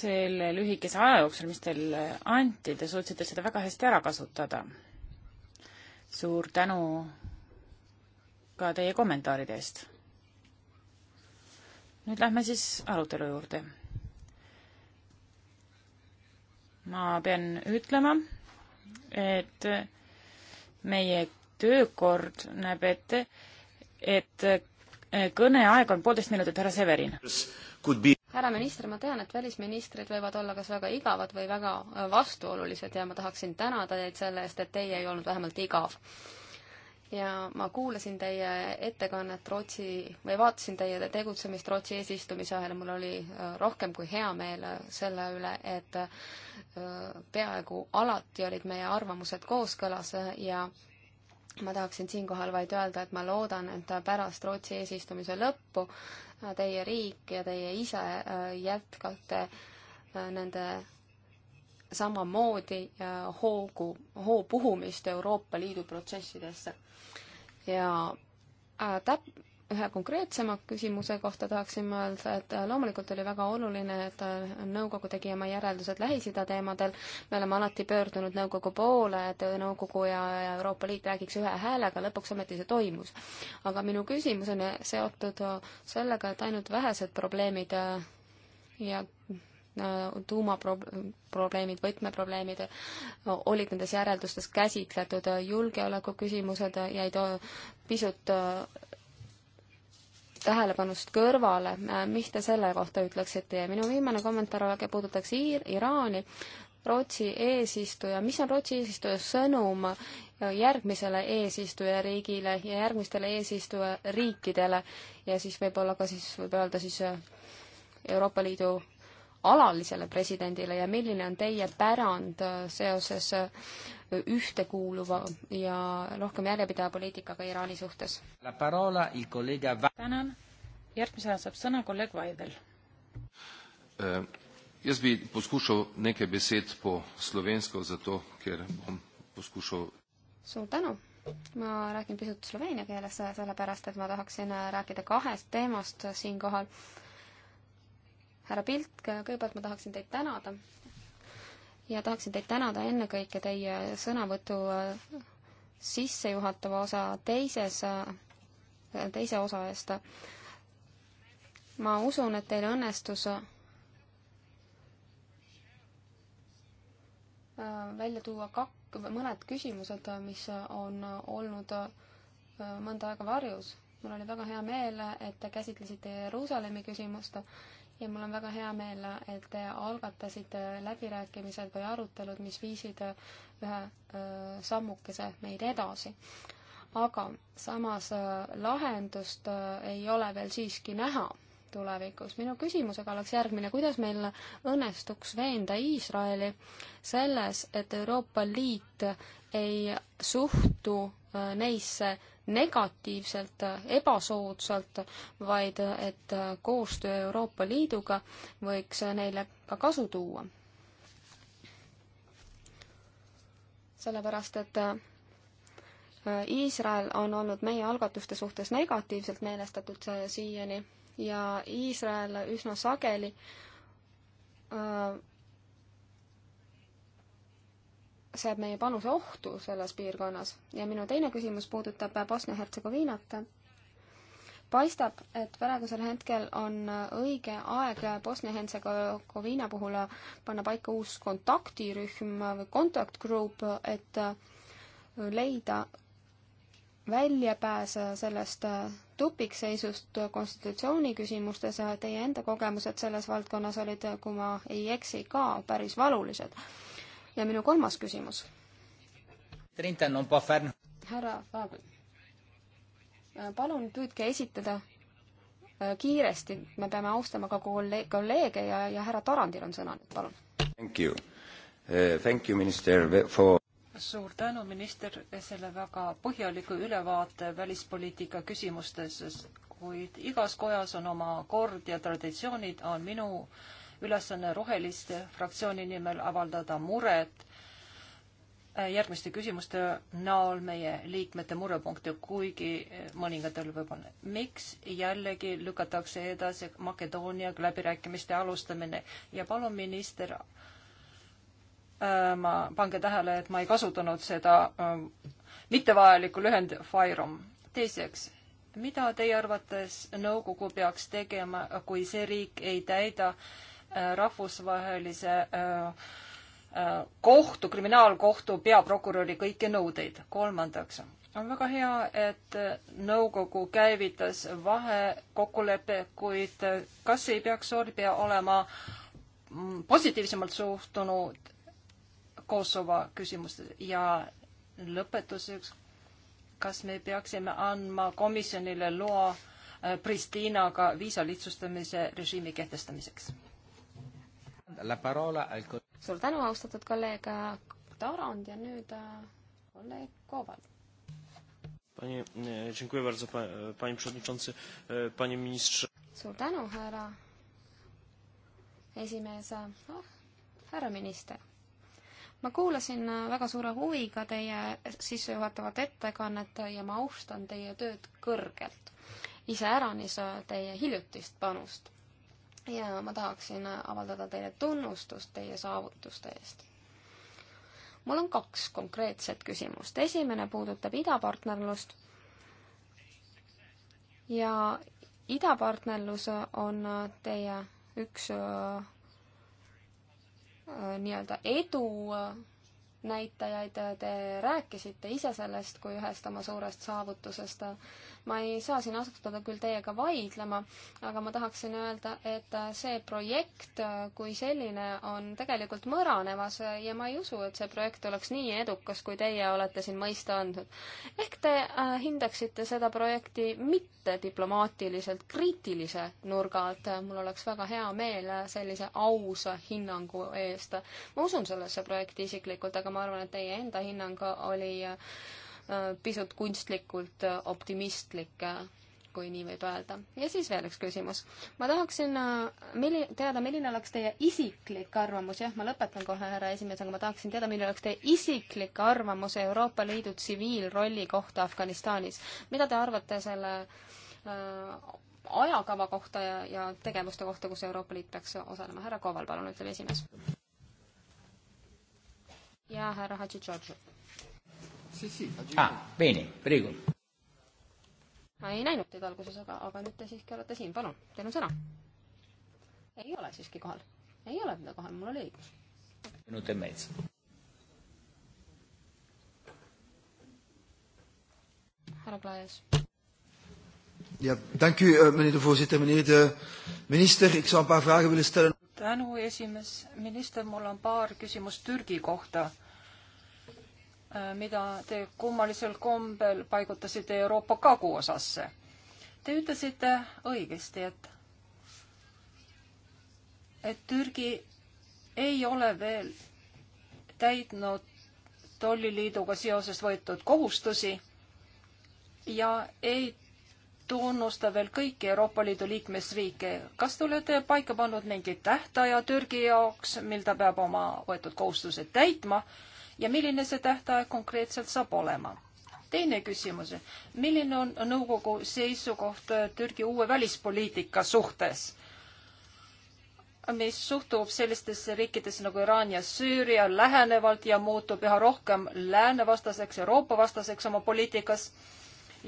selle lühikese aja jooksul, mis teil anti, te suutsite seda väga hästi ära kasutada. suur tänu ka teie kommentaaride eest. nüüd lähme siis arutelu juurde ma pean ütlema, et meie töökord näeb ette, et kõneaeg on poolteist minutit, härra Severin. härra minister, ma tean, et välisministrid võivad olla kas väga igavad või väga vastuolulised ja ma tahaksin tänada teid selle eest, et teie ei olnud vähemalt igav ja ma kuulasin teie ettekannet Rootsi või vaatasin teie tegutsemist Rootsi eesistumise ajal ja mul oli äh, rohkem kui hea meel äh, selle üle, et äh, peaaegu alati olid meie arvamused kooskõlas ja ma tahaksin siinkohal vaid öelda, et ma loodan, et pärast Rootsi eesistumise lõppu teie riik ja teie ise jätkate nende samamoodi äh, hoogu, hoo puhumist Euroopa Liidu protsessidesse. ja äh, täp-, ühe konkreetsema küsimuse kohta tahaksin ma öelda, et äh, loomulikult oli väga oluline, et nõukogu tegi oma järeldused Lähis-Ida teemadel. me oleme alati pöördunud nõukogu poole, et nõukogu ja, ja Euroopa Liit räägiks ühe häälega, lõpuks ometi see toimus. aga minu küsimus on seotud sellega, et ainult vähesed probleemid ja Äh, tuumaprobleemid, võtmeprobleemid äh, olid nendes järeldustes käsitletud, äh, julgeolekuküsimused jäid pisut tähelepanust kõrvale, mis te selle kohta ütleksite ja minu viimane kommentaar puudutaks Iir-, Iraani, Rootsi eesistuja, mis on Rootsi eesistuja sõnum järgmisele eesistujariigile ja järgmistele eesistujariikidele ja siis võib-olla ka siis, võib öelda siis Euroopa Liidu alalisele presidendile ja milline on teie pärand äh, seoses äh, ühtekuuluva ja rohkem järjepideva poliitikaga Iraani suhtes? tänan, järgmisena saab sõna kolleeg Vaidel eh,. Jaz bi poskušal nekaj besed po slovensko, zato ker bom poskušal. suur tänu ma räägin pisut sloveenia keeles, sellepärast et ma tahaksin rääkida kahest teemast siinkohal härra Pilt, kõigepealt ma tahaksin teid tänada ja tahaksin teid tänada ennekõike teie sõnavõtu äh, sissejuhatava osa teises, äh, teise osa eest. ma usun, et teil õnnestus äh, välja tuua kak-, mõned küsimused, mis on olnud mõnda aega varjus. mul oli väga hea meel, et te käsitlesite Jeruusalemmi küsimust ja mul on väga hea meel, et te algatasite läbirääkimised või arutelud, mis viisid ühe sammukese meid edasi. aga samas lahendust ei ole veel siiski näha tulevikus. minu küsimusega oleks järgmine, kuidas meil õnnestuks veenda Iisraeli selles, et Euroopa Liit ei suhtu neisse negatiivselt, ebasoodsalt, vaid et koostöö Euroopa Liiduga võiks neile ka kasu tuua. sellepärast, et äh, Iisrael on olnud meie algatuste suhtes negatiivselt meelestatud äh, siiani ja Iisrael üsna sageli äh, seab meie panuse ohtu selles piirkonnas. ja minu teine küsimus puudutab Bosnia-Hertsegoviinat. paistab, et praegusel hetkel on õige aeg Bosnia-Hertsegoviina puhul panna paika uus kontaktirühm või contact group, et leida väljapääs sellest tupikseisust konstitutsiooni küsimustes. Teie enda kogemused selles valdkonnas olid, kui ma ei eksi, ka päris valulised ja minu kolmas küsimus. härra Faabel, äh, palun püüdke esitada äh, kiiresti, me peame austama ka kolleege ja, ja härra Tarandil on sõna nüüd, palun. Thank you uh,, thank you minister for suur tänu, minister, selle väga põhjaliku ülevaate välispoliitika küsimustes, kuid igas kojas on oma kord ja traditsioonid on minu uh, ülesanne Roheliste fraktsiooni nimel avaldada muret äh, järgmiste küsimuste näol meie liikmete murepunkte, kuigi äh, mõningatel võib-olla. miks jällegi lükatakse edasi Makedooniaga läbirääkimiste alustamine ja palun minister, äh, ma, pange tähele, et ma ei kasutanud seda mittevajalikku lühend FIROM. teiseks, mida teie arvates nõukogu peaks tegema, kui see riik ei täida äh, Äh, rahvusvahelise äh, äh, kohtu, kriminaalkohtu peaprokuröri kõiki nõudeid. kolmandaks, on väga hea, et nõukogu käivitas vahekokkuleppe, kuid kas ei peaks Sorbia olema mm, positiivsemalt suhtunud Kosovo küsimustes ja lõpetuseks, kas me peaksime andma komisjonile loa Pristiinaga viisa lihtsustamise režiimi kehtestamiseks? al... suur tänu, austatud kolleeg Tarand ja nüüd äh, kolleeg Koval. Panie, e, dziękuję bardzo, pa, e, panie przewodniczący, e, panie ministrze. Suur tänu, härra esimees oh,, härra minister. ma kuulasin väga suure huviga teie sissejuhatavat ettekannet ja ma austan teie tööd kõrgelt, iseäranis teie hiljutist panust ja ma tahaksin avaldada teile tunnustust teie saavutuste eest. mul on kaks konkreetset küsimust. esimene puudutab idapartnerlust ja idapartnerlus on teie üks äh, äh, nii-öelda edu näitajaid, te rääkisite ise sellest kui ühest oma suurest saavutusest ma ei saa siin asutada küll teiega vaidlema, aga ma tahaksin öelda, et äh, see projekt äh, kui selline on tegelikult mõranevas äh, ja ma ei usu, et see projekt oleks nii edukas, kui teie olete siin mõista andnud. ehk te hindaksite seda projekti mitte diplomaatiliselt kriitilise nurga alt, mul oleks väga hea meel sellise ausa hinnangu eest. ma usun sellesse projekti isiklikult, aga ma arvan, et teie enda hinnang oli pisut kunstlikult optimistlik, kui nii võib öelda. ja siis veel üks küsimus. ma tahaksin äh, milli-, teada, milline oleks teie isiklik arvamus, jah, ma lõpetan kohe, härra esimees, aga ma tahaksin teada, milline oleks teie isiklik arvamus Euroopa Liidu tsiviilrolli kohta Afganistanis. mida te arvate selle äh, ajakava kohta ja, ja tegevuste kohta, kus Euroopa Liit peaks osalema. härra Koval, palun, ütleme esimees. ja härra Hadži Georgiou ah,. Bene, prego. ma ei näinud teid alguses, aga, aga nüüd te siiski olete siin, palun, teil on sõna. ei ole siiski kohal, ei ole teda kohal, mul oli õigus. minut ja e mees. härra Klaas. Ja, dank u, eh, meneer de voorzitter. Meneer de minister, ik zou een paar vragen willen stellen. Tänu, esimees. Minister, mul on paar küsimust Türgi kohta. Äh, mida te kummalisel kombel paigutasite Euroopa kaguosasse. Te ütlesite õigesti, et et Türgi ei ole veel täitnud tolliliiduga seoses võetud kohustusi ja ei tunnusta veel kõiki Euroopa Liidu liikmesriike. kas te olete paika pannud mingi tähtaja Türgi jaoks, mil ta peab oma võetud kohustused täitma? ja milline see tähtaeg konkreetselt saab olema? teine küsimus, milline on nõukogu seisukoht Türgi uue välispoliitika suhtes? mis suhtub sellistesse riikidesse nagu Iraan ja Süüria lähenevalt ja muutub üha rohkem läänevastaseks, Euroopa vastaseks oma poliitikas.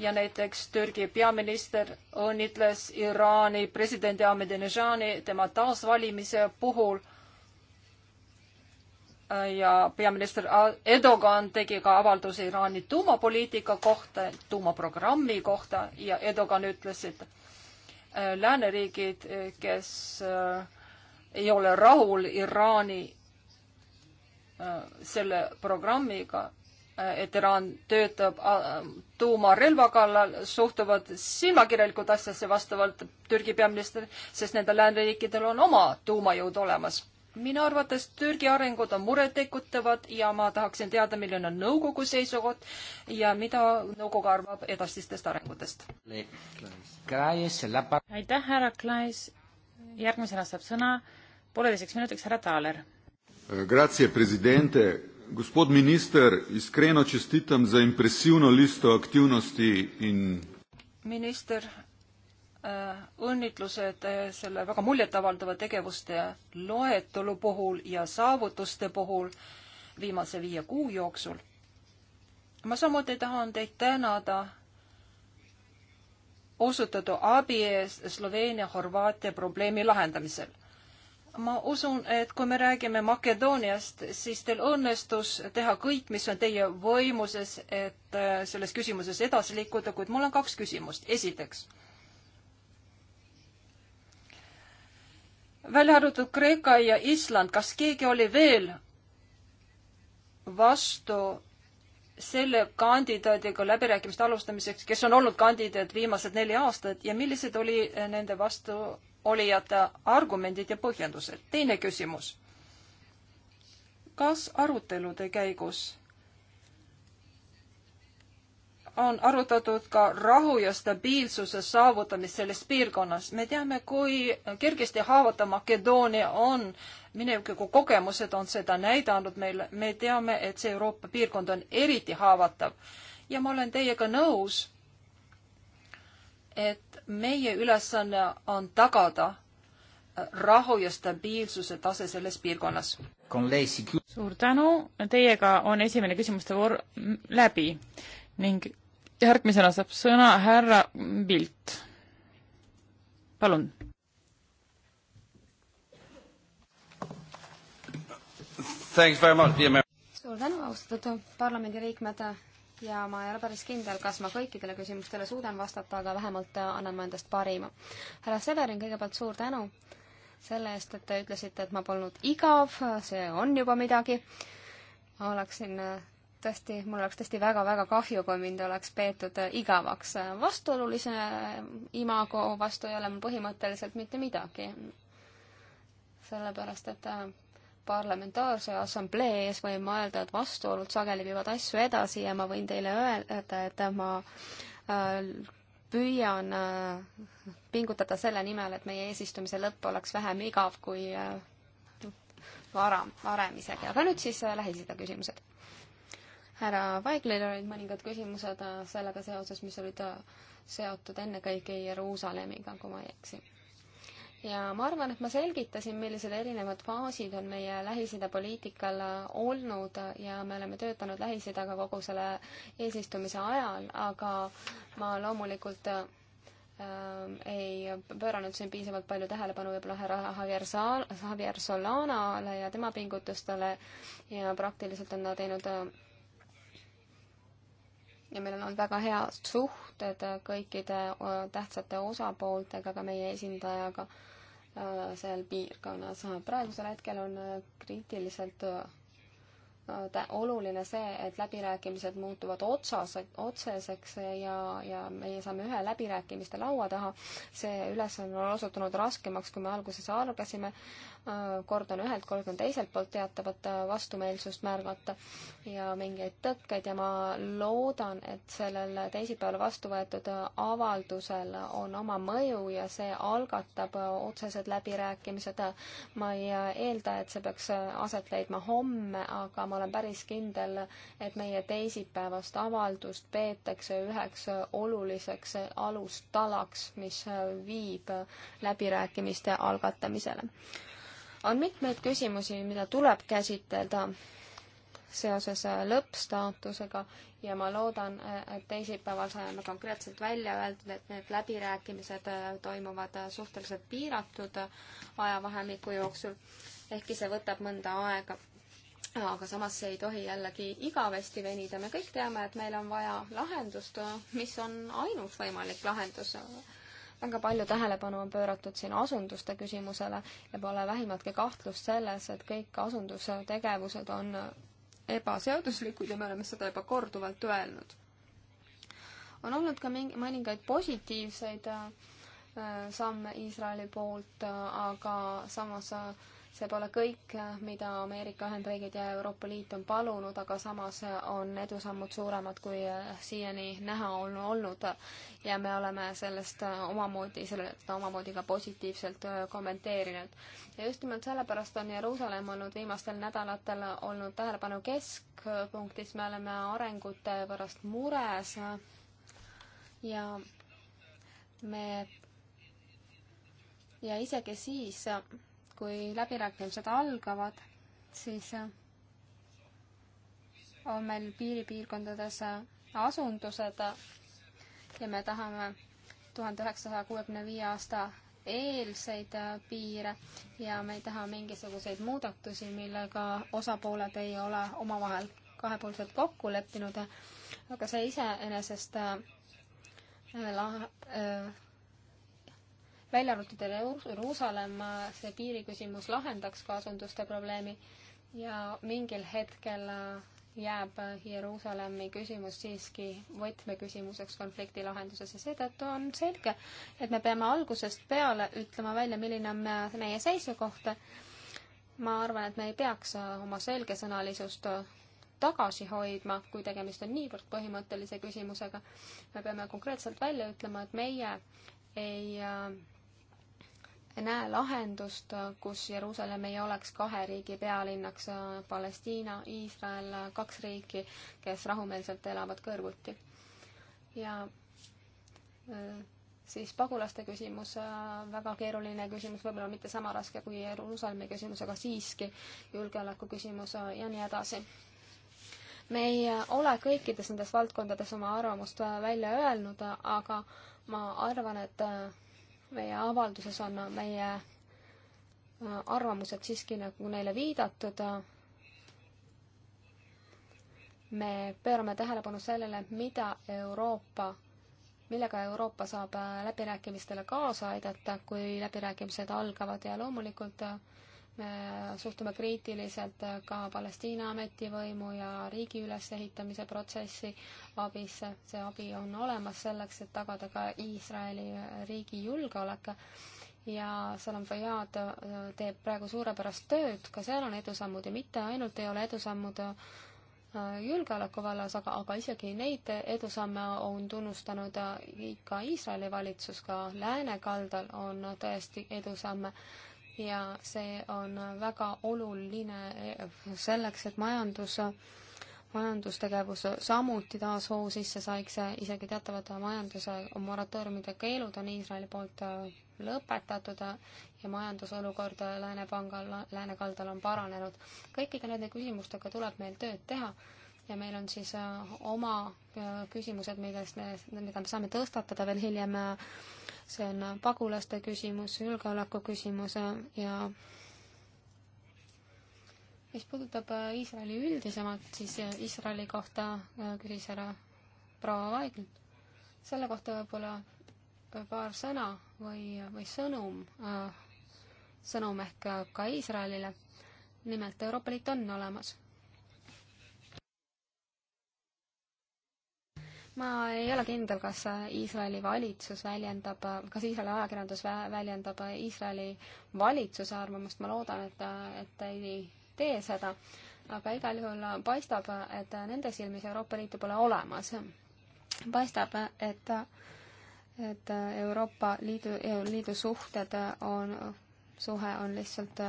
ja näiteks Türgi peaminister õnnitles Iraani presidendi Ahmedinejani tema taasvalimise puhul ja peaminister Erdogan tegi ka avalduse Iraani tuumapoliitika kohta, tuumaprogrammi kohta ja Erdogan ütles, et äh, lääneriigid, äh, kes äh, ei ole rahul Iraani selle programmiga, et Iraan töötab tuumarelva kallal, suhtuvad silmakirjalikult asjasse vastavalt Türgi peaminister, sest nendel lääneriikidel on oma tuumajõud olemas minu arvates Türgi arengud on murettekutavad ja ma tahaksin teada, milline on nõukogu seisukoht ja mida nõukogu arvab edasistest arengutest. aitäh, härra Klais. järgmisena saab sõna pooleteiseks minutiks härra Taaler. Grazie, president. Gospod minister, iskreno čestitam za impresivno listo aktivnosti in minister, Äh, õnnitlused äh, selle väga muljetavaldava tegevuste loetelu puhul ja saavutuste puhul viimase viie kuu jooksul. ma samuti tahan teid tänada osutatud abi eest Sloveenia-Horvaatia probleemi lahendamisel. ma usun, et kui me räägime Makedooniast, siis teil õnnestus teha kõik, mis on teie võimuses, et äh, selles küsimuses edasi liikuda, kuid mul on kaks küsimust. esiteks välja arvatud Kreeka ja Island, kas keegi oli veel vastu selle kandidaadiga läbirääkimiste alustamiseks, kes on olnud kandidaat viimased neli aastat ja millised oli nende vastuolijate argumendid ja põhjendused? teine küsimus. kas arutelude käigus on arutatud ka rahu ja stabiilsuse saavutamist selles piirkonnas. me teame, kui kergesti haavatav Makedoonia on, mineviku kogemused on seda näidanud meile, me teame, et see Euroopa piirkond on eriti haavatav. ja ma olen teiega nõus, et meie ülesanne on tagada rahu ja stabiilsuse tase selles piirkonnas. suur tänu, teiega on esimene küsimuste voor läbi ning järgmisena saab sõna härra Vilt. palun. suur tänu, austatud parlamendiliikmed ja ma ei ole päris kindel, kas ma kõikidele küsimustele suudan vastata, aga vähemalt annan ma endast parima. härra Severin, kõigepealt suur tänu selle eest, et te ütlesite, et ma polnud igav, see on juba midagi. oleksin tõesti, mul oleks tõesti väga-väga kahju, kui mind oleks peetud äh, igavaks. vastuolulise äh, imago vastu ei ole mul põhimõtteliselt mitte midagi. sellepärast, et äh, parlamentaarse assamblee ees võin ma öelda, et vastuolud sageli viivad asju edasi ja ma võin teile öelda, et ma püüan pingutada selle nimel, et meie eesistumise lõpp oleks vähem igav kui varem, varem isegi. aga nüüd siis Lähis-Ida küsimused härra Vaiglil olid mõningad küsimused äh, sellega seoses, mis olid äh, seotud ennekõike Jeruusalemmiga, kui ma ei eksi. ja ma arvan, et ma selgitasin, millised erinevad faasid on meie Lähis-Ida poliitikal äh, olnud ja me oleme töötanud Lähis-Idaga kogu selle eesistumise ajal, aga ma loomulikult äh, ei pööranud siin piisavalt palju tähelepanu võib-olla härra Javier Sal-, Javier Solanale ja tema pingutustele ja praktiliselt on ta teinud äh, ja meil on olnud väga head suhted äh, kõikide tähtsate osapooltega, ka meie esindajaga äh, seal piirkonnas. praegusel hetkel on äh, kriitiliselt oluline see, et läbirääkimised muutuvad otsas, otseseks ja, ja meie saame ühe läbirääkimiste laua taha. see ülesanne on osutunud raskemaks, kui me alguses arvasime. Äh, kord on ühelt, kord on teiselt poolt teatavat äh, vastumeelsust märgata ja mingeid tõkkeid ja ma loodan, et sellel teisipäeval vastu võetud äh, avaldusel on oma mõju ja see algatab otsesed läbirääkimised. ma ei eelda, et see peaks aset leidma homme, aga ma olen päris kindel, et meie teisipäevast avaldust peetakse üheks oluliseks alustalaks, mis viib läbirääkimiste algatamisele on mitmeid küsimusi, mida tuleb käsitleda seoses äh, lõppstaatusega ja ma loodan, äh, et teisipäeval saame konkreetselt välja öeldud, et need läbirääkimised äh, toimuvad suhteliselt piiratud ajavahemiku jooksul, ehkki see võtab mõnda aega. aga samas see ei tohi jällegi igavesti venida, me kõik teame, et meil on vaja lahendust, mis on ainus võimalik lahendus väga palju tähelepanu on pööratud siin asunduste küsimusele ja pole vähimatki kahtlust selles, et kõik asundustegevused on ebaseaduslikud ja me oleme seda juba korduvalt öelnud. on olnud ka mingi, mõningaid positiivseid äh, samme Iisraeli poolt äh,, aga samas äh, see pole kõik, mida Ameerika Ühendriigid ja Euroopa Liit on palunud, aga samas on edusammud suuremad, kui siiani näha on olnud. ja me oleme sellest omamoodi, seda omamoodi ka positiivselt äh, kommenteerinud. ja just nimelt sellepärast on Jeruusalemm olnud viimastel nädalatel olnud tähelepanu keskpunktis, me oleme arengute pärast mures ja me ja isegi siis sest kui läbirääkimised algavad, siis on meil piiripiirkondades asundused ja me tahame tuhande üheksasaja kuuekümne viie aasta eelseid piire ja me ei taha mingisuguseid muudatusi, millega osapooled ei ole omavahel kahepoolselt kokku leppinud, aga see iseenesest äh, äh, välja arvatud Jeruusalemma, see piiriküsimus lahendaks kasunduste probleemi ja mingil hetkel äh, jääb äh, Jeruusalemmi küsimus siiski võtmeküsimuseks konflikti lahenduses ja seetõttu on selge, et me peame algusest peale ütlema välja, milline on äh, meie seisukoht. ma arvan, et me ei peaks oma selgesõnalisust tagasi hoidma, kui tegemist on niivõrd põhimõttelise küsimusega. me peame konkreetselt välja ütlema, et meie ei näe lahendust, kus Jeruusalemm ei oleks kahe riigi pealinnaks, Palestiina, Iisrael, kaks riiki, kes rahumeelselt elavad kõrvuti. ja siis pagulaste küsimus, väga keeruline küsimus, võib-olla mitte sama raske kui Jeruusalemmi küsimus, aga siiski julgeoleku küsimus ja nii edasi me ei ole kõikides nendes valdkondades oma arvamust välja öelnud, aga ma arvan, et meie avalduses on meie äh, arvamused siiski nagu neile viidatud. me pöörame tähelepanu sellele, mida Euroopa, millega Euroopa saab äh, läbirääkimistele kaasa aidata, kui läbirääkimised algavad ja loomulikult äh, me suhtume kriitiliselt ka Palestiina ametivõimu ja riigi ülesehitamise protsessi abisse. see abi on olemas selleks, et tagada ka Iisraeli riigi julgeolek ja Salam Fayyad äh, teeb praegu suurepärast tööd, ka seal on edusammud ja mitte ainult ei ole edusammud äh, julgeoleku vallas, aga, aga isegi neid edusamme on tunnustanud äh, ka Iisraeli valitsus, ka läänekaldal on tõesti edusamme ja see on väga oluline selleks, et majandus, majandustegevus samuti taas hoo sisse saiks, isegi teatavad majanduse moratooriumide keelud on Iisraeli poolt lõpetatud ja majandusolukord Läänepangal, läänekaldal on paranenud. kõikide nende küsimustega tuleb meil tööd teha ja meil on siis oma küsimused, millest me, mida me saame tõstatada veel hiljem see on pagulaste küsimus, julgeoleku küsimus ja mis puudutab äh, Iisraeli üldisemalt, siis äh, Iisraeli kohta äh, küsis härra proua Vaigel. selle kohta võib-olla paar sõna või, või sõnum, sõnum ehk ka Iisraelile. nimelt Euroopa Liit on olemas ma ei ole kindel, kas Iisraeli valitsus väljendab, kas Iisraeli ajakirjandus väljendab Iisraeli valitsuse arvamust, ma loodan, et, et ei tee seda, aga igal juhul paistab, et nende silmis Euroopa Liitu pole olemas. paistab, et, et Euroopa Liidu, Liidu suhted on, suhe on lihtsalt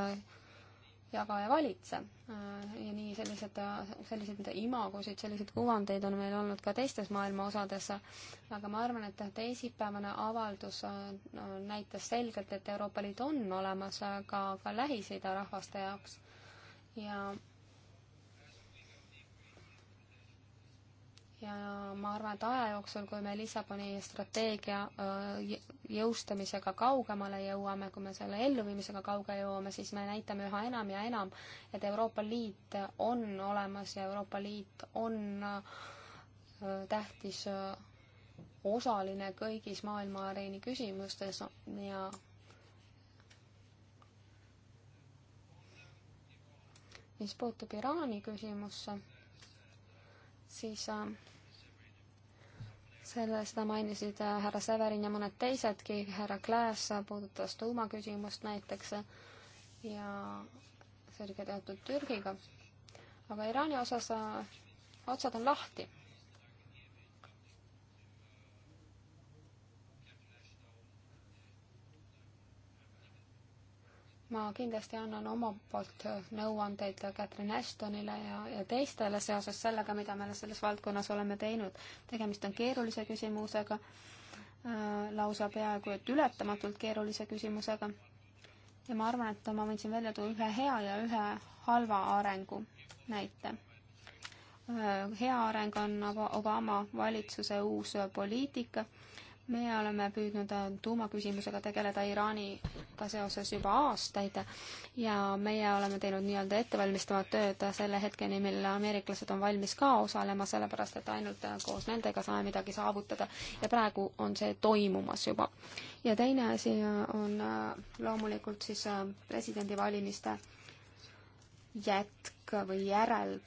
jaga ja valitse. Äh, ja nii sellised, äh, sellised imagusid, selliseid kuvandeid on meil olnud ka teistes maailma osades, aga ma arvan, et teisipäevane avaldus äh, näitas selgelt, et Euroopa Liit on olemas ka, ka Lähis-Ida rahvaste jaoks. ja ja ma arvan, et aja jooksul, kui me Lissaboni strateegia jõustamisega kaugemale jõuame, kui me selle elluviimisega kauge jõuame, siis me näitame üha enam ja enam, et Euroopa Liit on olemas ja Euroopa Liit on tähtis osaline kõigis maailma areeni küsimustes ja mis puutub Iraani küsimusse, siis äh, selle, seda mainisid äh, härra Severin ja mõned teisedki, härra Klaas äh, puudutas tuumaküsimust näiteks äh, ja see oli ka teatud Türgiga. aga Iraani osas otsad on lahti ma kindlasti annan oma poolt nõuandeid Catherine Ashtonile ja, ja teistele seoses sellega, mida me selles valdkonnas oleme teinud. tegemist on keerulise küsimusega äh,, lausa peaaegu et ületamatult keerulise küsimusega. ja ma arvan, et ma võin siin välja tuua ühe hea ja ühe halva arengu näite äh,. hea areng on Obama valitsuse uus poliitika äh,, meie oleme püüdnud äh, tuumaküsimusega tegeleda Iraaniga seoses juba aastaid ja meie oleme teinud nii-öelda ettevalmistavat tööd selle hetkeni, mil ameeriklased on valmis ka osalema, sellepärast et ainult äh, koos nendega saame midagi saavutada ja praegu on see toimumas juba. ja teine asi äh, on loomulikult siis presidendivalimiste jätk või järel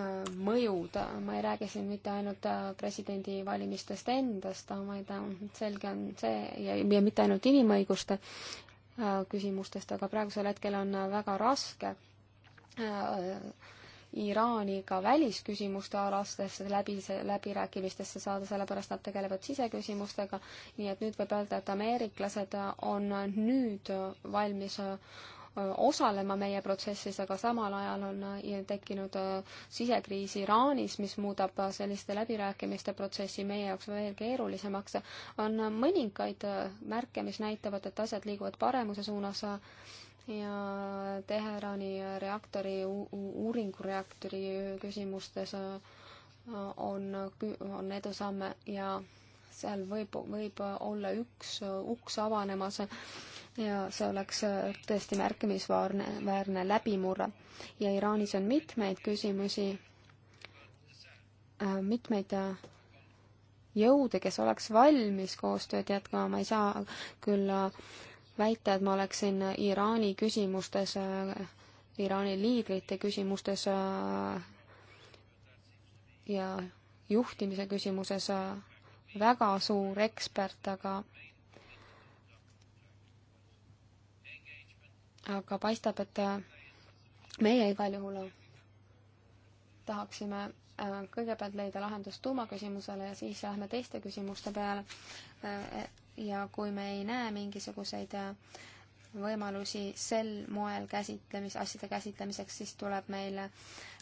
mõjud, ma ei räägi siin mitte ainult äh, presidendivalimistest endast, vaid äh, selge on see ja, ja mitte ainult inimõiguste äh, küsimustest, aga praegusel hetkel on väga raske Iraaniga välisküsimuste alastesse läbi, läbirääkimistesse saada, sellepärast nad tegelevad siseküsimustega, nii et nüüd võib öelda, et ameeriklased on nüüd valmis Äh, osalema meie protsessis, aga samal ajal on äh, tekkinud äh, sisekriis Iraanis, mis muudab selliste läbirääkimiste protsessi meie jaoks veel keerulisemaks. on mõningaid märke, mis näitavad, et asjad liiguvad paremuse suunas ja Teherani reaktori, uuringureaktori küsimustes on, on edusamme ja seal võib, võib olla üks uks avanemas ja see oleks äh, tõesti märkimisväärne, väärne läbimurre. ja Iraanis on mitmeid küsimusi, äh, mitmeid äh, jõude, kes oleks valmis koostööd jätkama, ma ei saa küll väita, et ma oleksin Iraani küsimustes, Iraani liidrite küsimustes ja juhtimise küsimuses väga suur ekspert, aga aga paistab, et äh, meie igal juhul tahaksime äh, kõigepealt leida lahendust tuumaküsimusele ja siis lähme teiste küsimuste peale. Äh, e, ja kui me ei näe mingisuguseid võimalusi sel moel käsitlemis, asjade käsitlemiseks, siis tuleb meil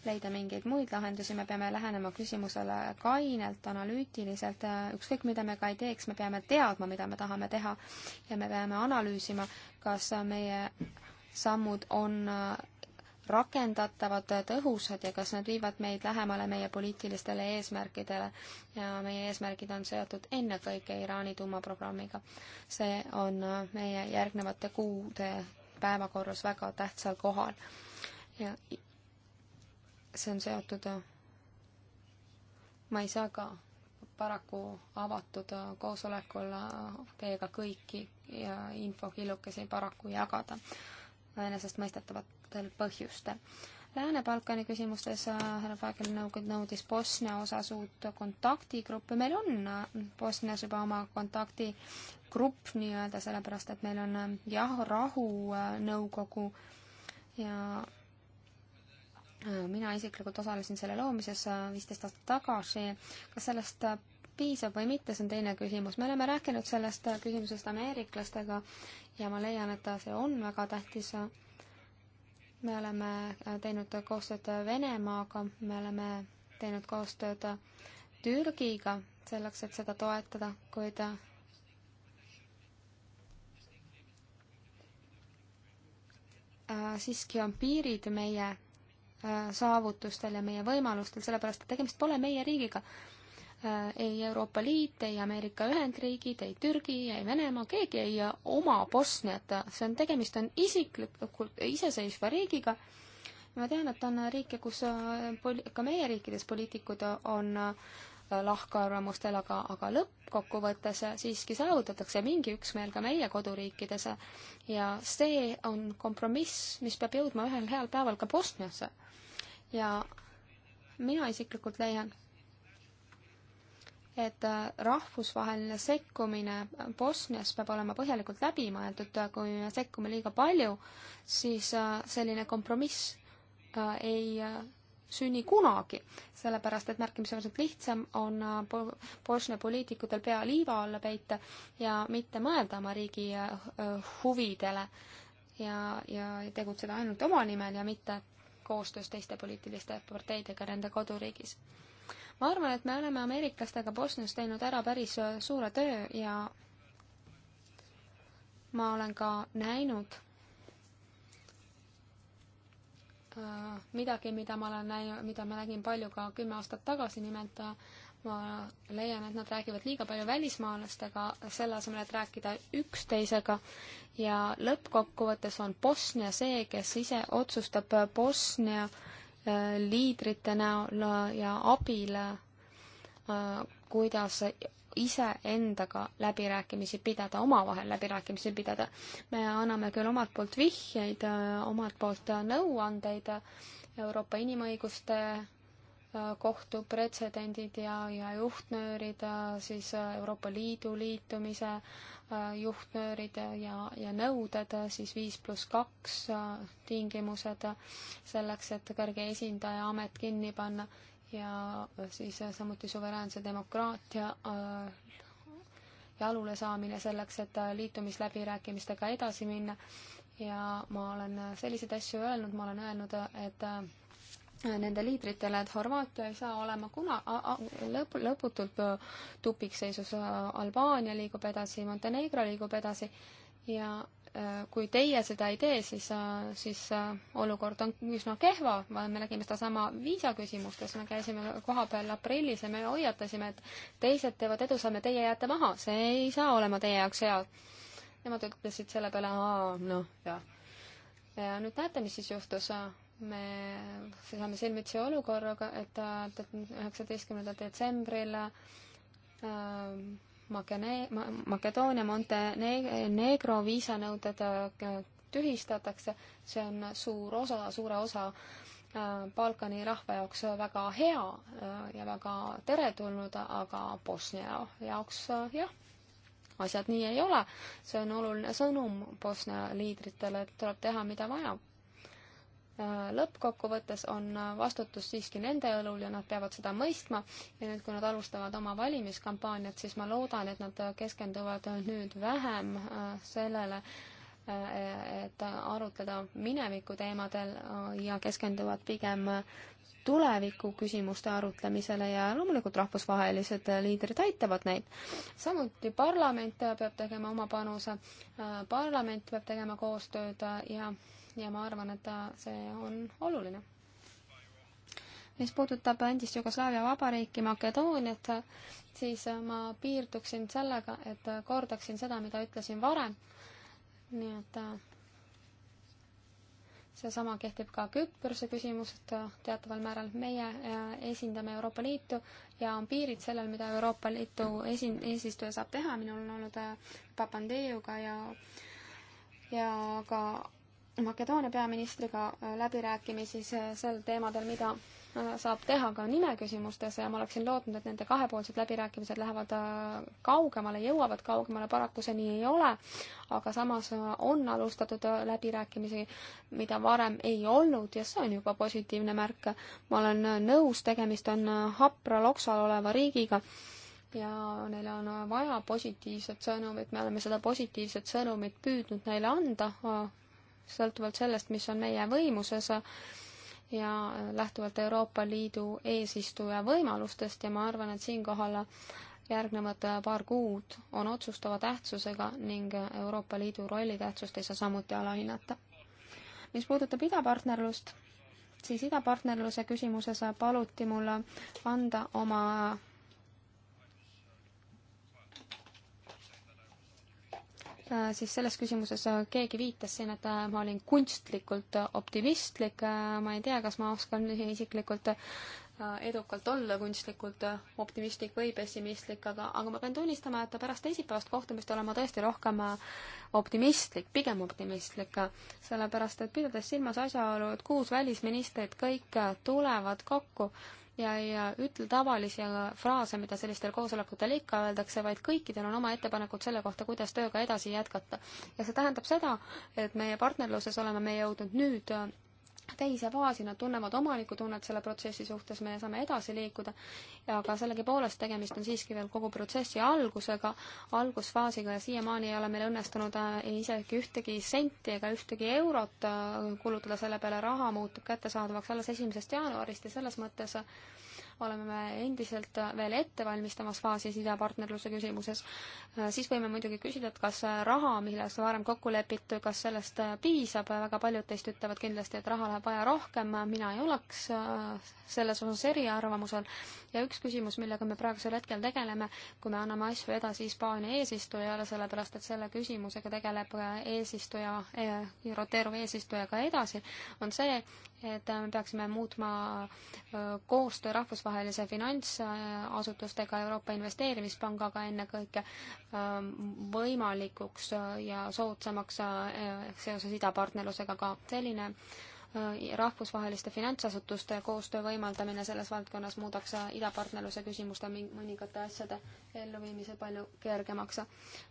leida mingeid muid lahendusi, me peame lähenema küsimusele kainelt, analüütiliselt, ükskõik mida me ka ei teeks, me peame teadma, mida me tahame teha ja me peame analüüsima, kas meie sammud on äh, rakendatavad, tõhusad ja kas nad viivad meid lähemale meie poliitilistele eesmärkidele ja meie eesmärgid on seotud ennekõike Iraani tuumaprogrammiga. see on äh, meie järgnevate kuude päevakorras väga tähtsal kohal. ja see on seotud, äh, ma ei saa ka paraku avatud koosolekul teiega kõiki ja infokillukesi paraku jagada enesestmõistetavatel põhjustel. Lääne-Balkani küsimustes äh, härra Paegel nõudis Bosnia osas uut kontaktigruppi, meil on äh, Bosnias juba oma kontaktigrupp nii-öelda, sellepärast et meil on äh, jah, rahunõukogu ja mina isiklikult osalesin selle loomises viisteist aastat tagasi. kas sellest piisav või mitte, see on teine küsimus. me oleme rääkinud sellest küsimusest ameeriklastega ja ma leian, et see on väga tähtis. me oleme teinud koostööd Venemaaga, me oleme teinud koostööd Türgiga selleks, et seda toetada, kuid siiski on piirid meie saavutustel ja meie võimalustel, sellepärast et tegemist pole meie riigiga Äh, ei Euroopa Liit, ei Ameerika Ühendriigid, ei Türgi, ei Venemaa, keegi ei oma Bosniat, see on, tegemist on isiklikult iseseisva riigiga. ma tean, et on riike, kus äh, poli-, ka meie riikides poliitikud on äh, lahkarvamustel, aga, aga lõppkokkuvõttes siiski saavutatakse mingi üksmeel ka meie koduriikides ja see on kompromiss, mis peab jõudma ühel heal päeval ka Bosniasse. ja mina isiklikult leian, et äh, rahvusvaheline sekkumine Bosnias peab olema põhjalikult läbi mõeldud, äh, kui me sekkume liiga palju, siis äh, selline kompromiss ei sünni kunagi, sellepärast et märkimisväärselt lihtsam on Bosnia poliitikutel pea liiva alla peita ja mitte mõelda oma riigi huvidele ja, ja tegutseda ainult oma nimel ja mitte koostöös teiste poliitiliste parteidega nende koduriigis ma arvan, et me oleme ameeriklastega Bosnias teinud ära päris äh, suure töö ja ma olen ka näinud äh, midagi, mida ma olen näinud, mida ma nägin palju ka kümme aastat tagasi, nimelt äh, ma leian, et nad räägivad liiga palju välismaalastega, selle asemel, et rääkida üksteisega ja lõppkokkuvõttes on Bosnia see, kes ise otsustab Bosnia liidrite näol ja abil, äh, kuidas iseendaga läbirääkimisi pidada, omavahel läbirääkimisi pidada. me anname küll omalt poolt vihjeid, äh, omalt poolt nõuandeid äh, Euroopa Inimõiguste Kohtu pretsedendid ja, ja juhtnöörid siis Euroopa Liidu liitumise juhtnöörid ja, ja nõuded, siis viis pluss kaks äh, tingimused selleks, et kõrge esindaja amet kinni panna ja äh, siis äh, samuti suveräänse demokraatia jalule saamine selleks, et liitumisläbirääkimistega edasi minna. ja ma olen selliseid asju öelnud, ma olen öelnud, et nende liidritele, et Horvaatia ei saa olema kuna-, lõp-, lõputult tupikseisus, Albaania liigub edasi, Montenegro liigub edasi ja äh, kui teie seda ei tee, siis, äh, siis äh, olukord on üsna kehva, me nägime sedasama viisaküsimustes, me käisime koha peal aprillis ja me hoiatasime, et teised teevad edusamme, teie jääte maha, see ei saa olema teie jaoks hea. Nemad ütlesid selle peale, aa, noh, jah. ja nüüd näete, mis siis juhtus me seisame silmitsi olukorraga, et üheksateistkümnendal detsembril äh, Makene-, Makedoonia Montenegro viisanõuded äh, tühistatakse, see on suur osa, suure osa äh, Balkani rahva jaoks väga hea ja väga teretulnud, aga Bosnia jaoks jah, asjad nii ei ole. see on oluline sõnum Bosnia liidritele, et tuleb teha, mida vaja Äh, lõppkokkuvõttes on äh, vastutus siiski nende õlul ja nad peavad seda mõistma ja nüüd, kui nad alustavad oma valimiskampaaniat, siis ma loodan, et nad äh, keskenduvad nüüd vähem sellele, et arutleda mineviku teemadel ja keskenduvad pigem tuleviku küsimuste arutlemisele ja loomulikult rahvusvahelised liidrid aitavad neid. samuti parlament peab tegema oma panuse, parlament peab tegema koostööd ja ja ma arvan, et see on oluline. mis puudutab endist Jugoslaavia vabariiki Makedooniat, siis ma piirduksin sellega, et kordaksin seda, mida ütlesin varem, nii et äh, seesama kehtib ka Küprose küsimust äh, teataval määral. meie äh, esindame Euroopa Liitu ja on piirid sellel, mida Euroopa Liitu esin-, eesistuja saab teha. minul on olnud Papandeuga ja, ja ka Makedoonia peaministriga äh, läbirääkimisi sel teemadel, mida äh, saab teha ka nimeküsimustes ja ma oleksin lootnud, et nende kahepoolsed läbirääkimised lähevad äh, kaugemale, jõuavad kaugemale, paraku see nii ei ole, aga samas on alustatud läbirääkimisi, mida varem ei olnud ja see on juba positiivne märk. ma olen nõus, tegemist on hapra loksal oleva riigiga ja neil on vaja positiivset sõnumit, me oleme seda positiivset sõnumit püüdnud neile anda sõltuvalt sellest, mis on meie võimuses ja lähtuvalt Euroopa Liidu eesistuja võimalustest ja ma arvan, et siinkohal järgnevad paar kuud on otsustava tähtsusega ning Euroopa Liidu rolli tähtsust ei saa samuti alahinnata. mis puudutab idapartnerlust, siis idapartnerluse küsimuses paluti mul anda oma Äh, siis selles küsimuses äh, keegi viitas siin, et äh, ma olin kunstlikult optimistlik, ma ei tea, kas ma oskan isiklikult edukalt olla kunstlikult optimistlik või pessimistlik, aga, aga ma pean tunnistama, et pärast teisipäevast kohtumist olen ma tõesti rohkem optimistlik, pigem optimistlik, sellepärast et pidades silmas asjaolu, et kuus välisministrit kõik tulevad kokku äh, ja ei ütle tavalisi fraase, mida sellistel koosolekutel ikka öeldakse, vaid kõikidel on oma ettepanekud selle kohta, kuidas tööga edasi jätkata. ja see tähendab seda, et meie partnerluses oleme me jõudnud nüüd teise faasi, nad tunnevad omanikutunnet selle protsessi suhtes, me saame edasi liikuda, aga sellegipoolest tegemist on siiski veel kogu protsessi algusega, algusfaasiga ja siiamaani ei ole meil õnnestunud äh, isegi ühtegi senti ega ühtegi eurot äh, kulutada selle peale, raha muutub kättesaadavaks alles esimesest jaanuarist ja selles mõttes oleme me endiselt veel ettevalmistamas faasis idapartnerluse küsimuses, siis võime muidugi küsida, et kas raha, milles varem kokku lepiti, kas sellest piisab, väga paljud teist ütlevad kindlasti, et raha läheb vaja rohkem, mina ei oleks äh, selles osas eriarvamusel. ja üks küsimus, millega me praegusel hetkel tegeleme, kui me anname asju edasi Hispaania eesistujale, sellepärast et selle küsimusega tegeleb eesistuja, eh, roteeruv eesistuja ka edasi, on see, et äh, me peaksime muutma äh, koostöö rahvusvahelise finantsasutustega, Euroopa Investeerimispangaga ennekõike ähm, võimalikuks äh, ja soodsamaks seoses idapartnerlusega ka selline rahvusvaheliste finantsasutuste koostöö võimaldamine selles valdkonnas muudaks idapartnerluse küsimuste mõningate asjade elluviimise palju kergemaks.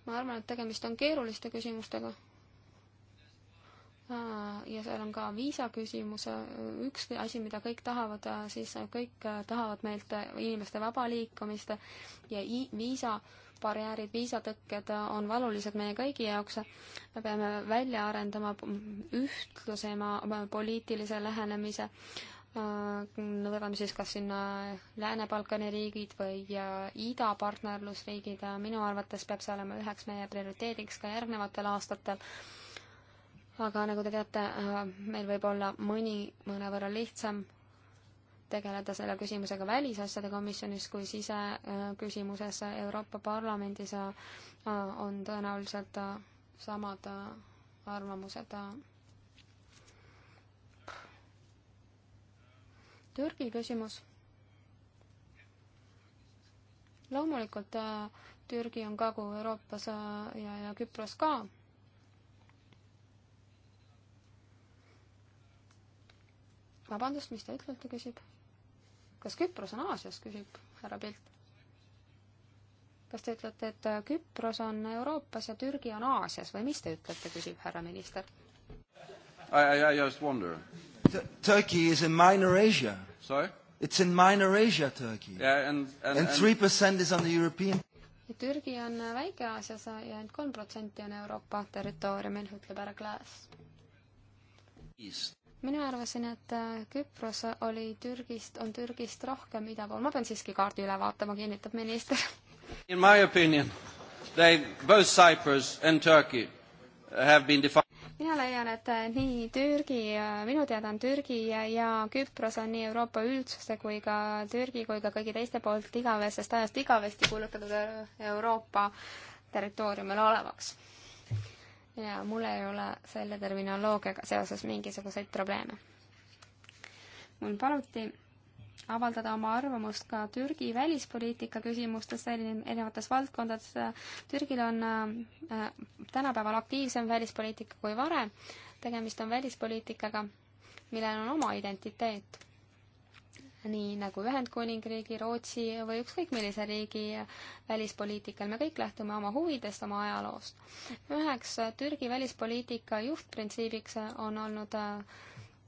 ma arvan, et tegemist on keeruliste küsimustega ja seal on ka viisaküsimus, üks asi, mida kõik tahavad, äh, siis kõik äh, tahavad meilt äh, inimeste vaba liikumist ja viisabarjäärid, viisatõkked on valulised meie kõigi jaoks. me peame välja arendama ühtlasema poliitilise lähenemise, võtame siis kas sinna Lääne-Balkani riigid või idapartnerlusriigid, minu arvates peab see olema üheks meie prioriteediks ka järgnevatel aastatel aga nagu te teate, äh, meil võib olla mõni mõnevõrra lihtsam tegeleda selle küsimusega välisasjade komisjonis kui siseküsimuses Euroopa Parlamendis äh, on tõenäoliselt äh, samad arvamused. Türgi küsimus. loomulikult Türgi on kagu Euroopas ja, ja Küpros ka vabandust, mis te ütlete, küsib. kas Küpros on Aasias, küsib härra Pilt. kas te ütlete, et äh, Küpros on Euroopas ja Türgi on Aasias või mis te ütlete, küsib härra minister. I, I, I just wonder. Turkey is in minor Asia. Sorry? It's in minor Asia, Turkey. Yeah, and, and, and 3% is on the European ja Türgi on äh, Väike-Aasias ja ainult kolm protsenti on Euroopa territooriumil, ütleb härra Klaas mina arvasin, et äh, Küpros oli Türgist, on Türgist rohkem ida pool, ma pean siiski kaardi üle vaatama, kinnitab minister. In my opinion, they, both Cyprus and Turkey have been defined mina leian, et äh, nii Türgi, äh, minu teada on Türgi ja Küpros on nii Euroopa üldsuse kui ka Türgi kui ka kõigi teiste poolt igavesest ajast igavesti kuulutatud Euroopa territooriumil olevaks ja mul ei ole selle terminoloogiaga seoses mingisuguseid probleeme. mul paluti avaldada oma arvamust ka Türgi välispoliitika küsimustes erinevates valdkondades. Türgil on äh, tänapäeval aktiivsem välispoliitika kui varem. tegemist on välispoliitikaga, millel on oma identiteet nii nagu Ühendkuningriigi, Rootsi või ükskõik millise riigi välispoliitikal. me kõik lähtume oma huvidest, oma ajaloost. üheks Türgi välispoliitika juhtprintsiibiks on olnud äh,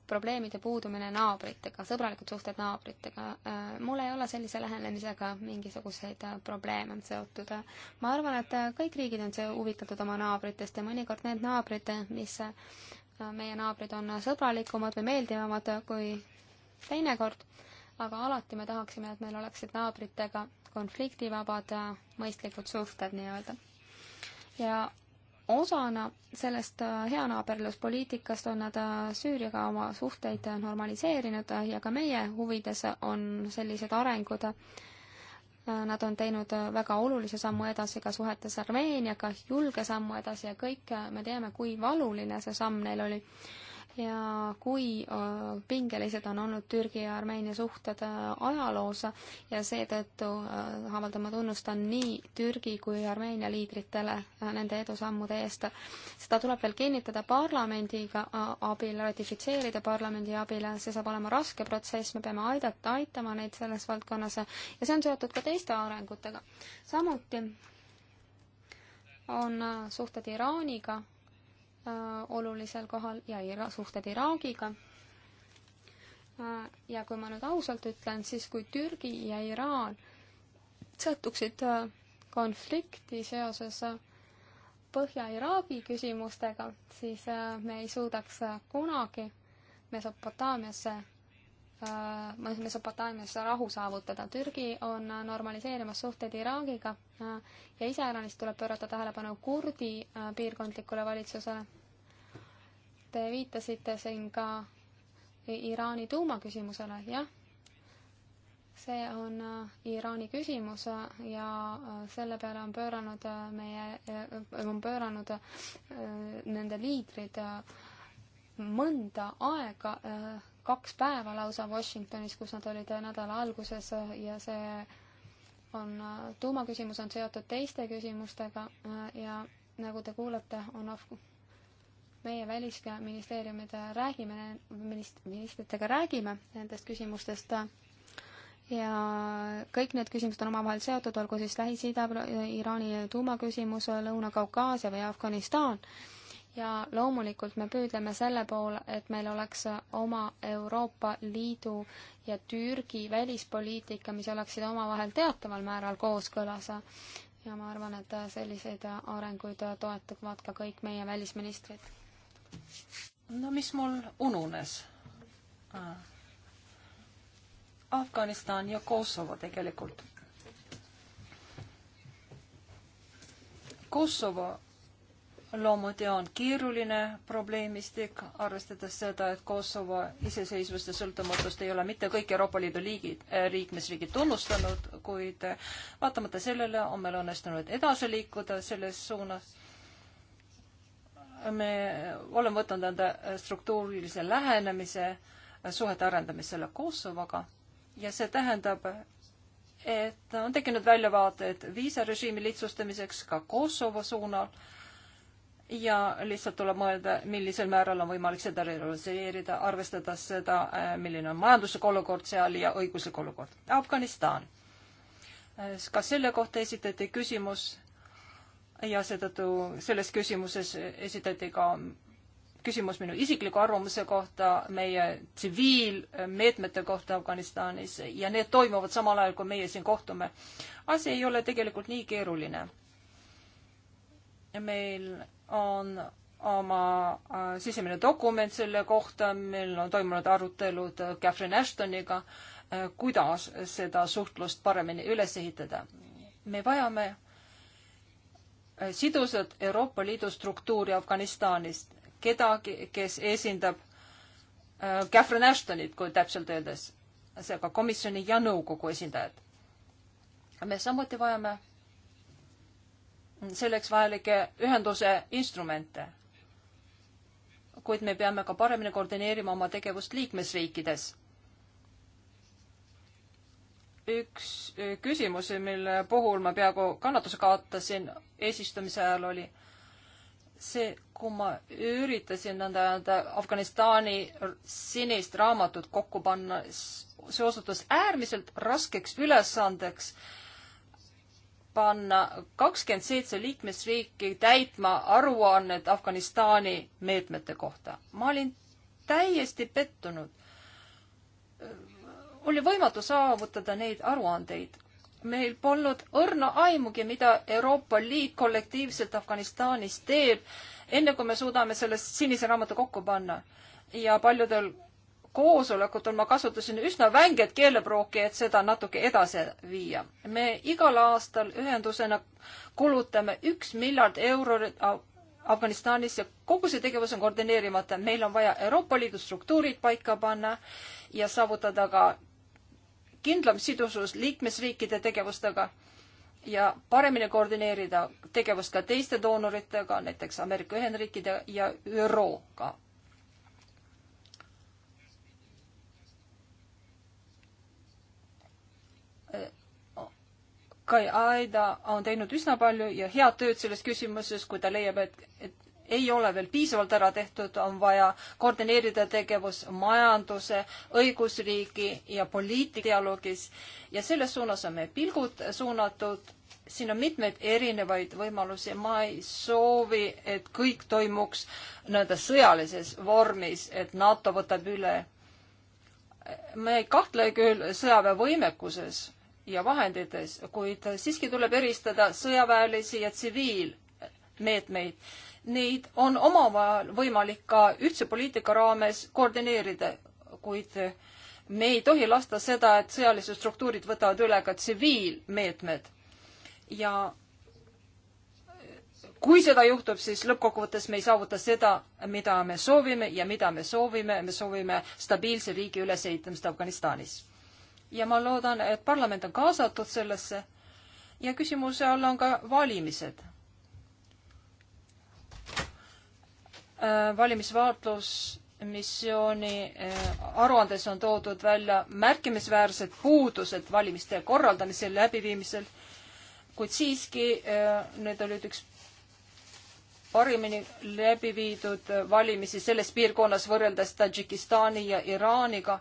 probleemide puudumine naabritega, sõbralikud suhted naabritega. Äh, mul ei ole sellise lähenemisega mingisuguseid äh, probleeme seotud. ma arvan, et kõik riigid on see huvitatud oma naabritest ja mõnikord need naabrid, mis meie naabrid on sõbralikumad või meeldivamad kui teinekord aga alati me tahaksime, et meil oleksid naabritega konfliktivabad mõistlikud suhted nii-öelda. ja osana sellest äh, heanaaberluspoliitikast on nad äh, Süüriaga oma suhteid äh, normaliseerinud ja ka meie huvides on sellised arengud. Nad on teinud väga olulise sammu edasi ka suhetes Armeeniaga, julge sammu edasi ja kõik me teame, kui valuline see samm neil oli ja kui pingelised on olnud Türgi ja Armeenia suhted ajaloos ja seetõttu avaldan ma tunnustan nii Türgi kui Armeenia liidritele nende edusammude eest. seda tuleb veel kinnitada parlamendiga abil, ratifitseerida parlamendi abile, see saab olema raske protsess, me peame aidata, aitama neid selles valdkonnas ja see on seotud ka teiste arengutega. samuti on suhted Iraaniga Äh, olulisel kohal ja ira, suhted Iraagiga. Äh, ja kui ma nüüd ausalt ütlen, siis kui Türgi ja Iraan sattuksid äh, konflikti seoses Põhja-Iraagi küsimustega, siis me ei suudaks kunagi Mesopotaamiasse Äh, Mesopotaamias rahu saavutada. Türgi on normaliseerimas suhteid Iraagiga äh, ja iseäranis tuleb pöörata tähelepanu kurdi äh, piirkondlikule valitsusele. Te viitasite siin ka Iraani tuumaküsimusele, jah. see on Iraani küsimus ja selle peale on pööranud meie, on pööranud nende liidrid mõnda aega kaks päeva lausa Washingtonis, kus nad olid nädala alguses ja see on, tuumaküsimus on seotud teiste küsimustega ja nagu te kuulete, on Af-, meie välisministeeriumide räägime, minist-, ministritega räägime nendest küsimustest ja kõik need küsimused on omavahel seotud, olgu siis Lähis-Ida, Iraani tuumaküsimus, Lõuna-Kaukaasia või Afganistan ja loomulikult me püüdleme selle poole, et meil oleks oma Euroopa Liidu ja Türgi välispoliitika, mis oleksid omavahel teataval määral kooskõlas. ja ma arvan, et selliseid arenguid toetavad ka kõik meie välisministrid. no mis mul ununes? Afganistan ja Kosovo tegelikult. Kosovo loomuti on keeruline probleemistik, arvestades seda, et Kosovo iseseisvust ja sõltumatust ei ole mitte kõik Euroopa Liidu liigid, eh, liikmesriigid tunnustanud, kuid eh, vaatamata sellele on meil õnnestunud edasi liikuda selles suunas. me oleme võtnud enda eh, struktuurilise lähenemise suhete arendamisele Kosovoga ja see tähendab, et on tekkinud väljavaated viisarežiimi lihtsustamiseks ka Kosovo suunal ja lihtsalt tuleb mõelda, millisel määral on võimalik seda realiseerida, arvestades seda, äh, milline on majanduslik olukord seal ja õiguslik olukord. Afganistan. Äh, ka selle kohta esitati küsimus ja seetõttu selles küsimuses esitati ka küsimus minu isikliku arvamuse kohta, meie tsiviilmeetmete kohta Afganistanis ja need toimuvad samal ajal, kui meie siin kohtume. asi ei ole tegelikult nii keeruline. meil on oma äh, sisemine dokument selle kohta, meil on toimunud arutelud äh, Catherine Ashtoniga, äh, kuidas seda suhtlust paremini üles ehitada. me vajame sidusat Euroopa Liidu struktuuri Afganistanist, kedagi, kes esindab Catherine Ashtonit, kui täpselt öeldes, seega komisjoni ja nõukogu esindajad. me samuti vajame selleks vajalikke ühenduse instrumente. kuid me peame ka paremini koordineerima oma tegevust liikmesriikides. üks e, küsimusi, mille puhul ma peaaegu kannatuse kaotasin eesistumise ajal, oli see, kui ma üritasin nõnda öelda Afganistani sinist raamatut kokku panna, see osutus äärmiselt raskeks ülesandeks äh, panna kakskümmend seitse liikmesriiki täitma aruannet Afganistani meetmete kohta. ma olin täiesti pettunud. oli võimatu saavutada neid aruandeid. meil polnud õrna aimugi, mida Euroopa Liit kollektiivselt Afganistanis teeb, enne kui me suudame selle sinise raamatu kokku panna. ja paljudel koosolekutel ma kasutasin üsna vänget keelepruuki, et seda natuke edasi viia. me igal aastal ühendusena kulutame üks miljard eurot Afganistanis ja kogu see tegevus on koordineerimata. meil on vaja Euroopa Liidu struktuurid paika panna ja saavutada ka kindlam sidusus liikmesriikide tegevustega ja paremini koordineerida tegevust ka teiste doonoritega, näiteks Ameerika Ühendriikide ja ÜRO-ga Kai Aida on teinud üsna palju ja head tööd selles küsimuses, kui ta leiab, et, et ei ole veel piisavalt ära tehtud, on vaja koordineerida tegevus majanduse, õigusriigi ja poliitikadialoogis ja selles suunas on meie pilgud suunatud siin on mitmeid erinevaid võimalusi, ma ei soovi, et kõik toimuks nii-öelda sõjalises vormis, et NATO võtab üle. me ei kahtle küll sõjaväe võimekuses ja vahendites, kuid siiski tuleb eristada sõjaväelisi ja tsiviilmeetmeid. Neid on omavahel võimalik ka ühtse poliitika raames koordineerida, kuid me ei tohi lasta seda, et sõjalised struktuurid võtavad üle ka tsiviilmeetmed. ja kui seda juhtub, siis lõppkokkuvõttes me ei saavuta seda, mida me soovime ja mida me soovime, me soovime stabiilse riigi ülesehitamist Afganistanis ja ma loodan, et parlament on kaasatud sellesse ja küsimuse all on ka valimised. Äh, valimisvaatlusmissiooni äh, aruandes on toodud välja märkimisväärsed puudused valimiste korraldamisel, läbiviimisel, kuid siiski äh, need olid üks parimini läbi viidud valimisi selles piirkonnas võrreldes Tadžikistani ja Iraaniga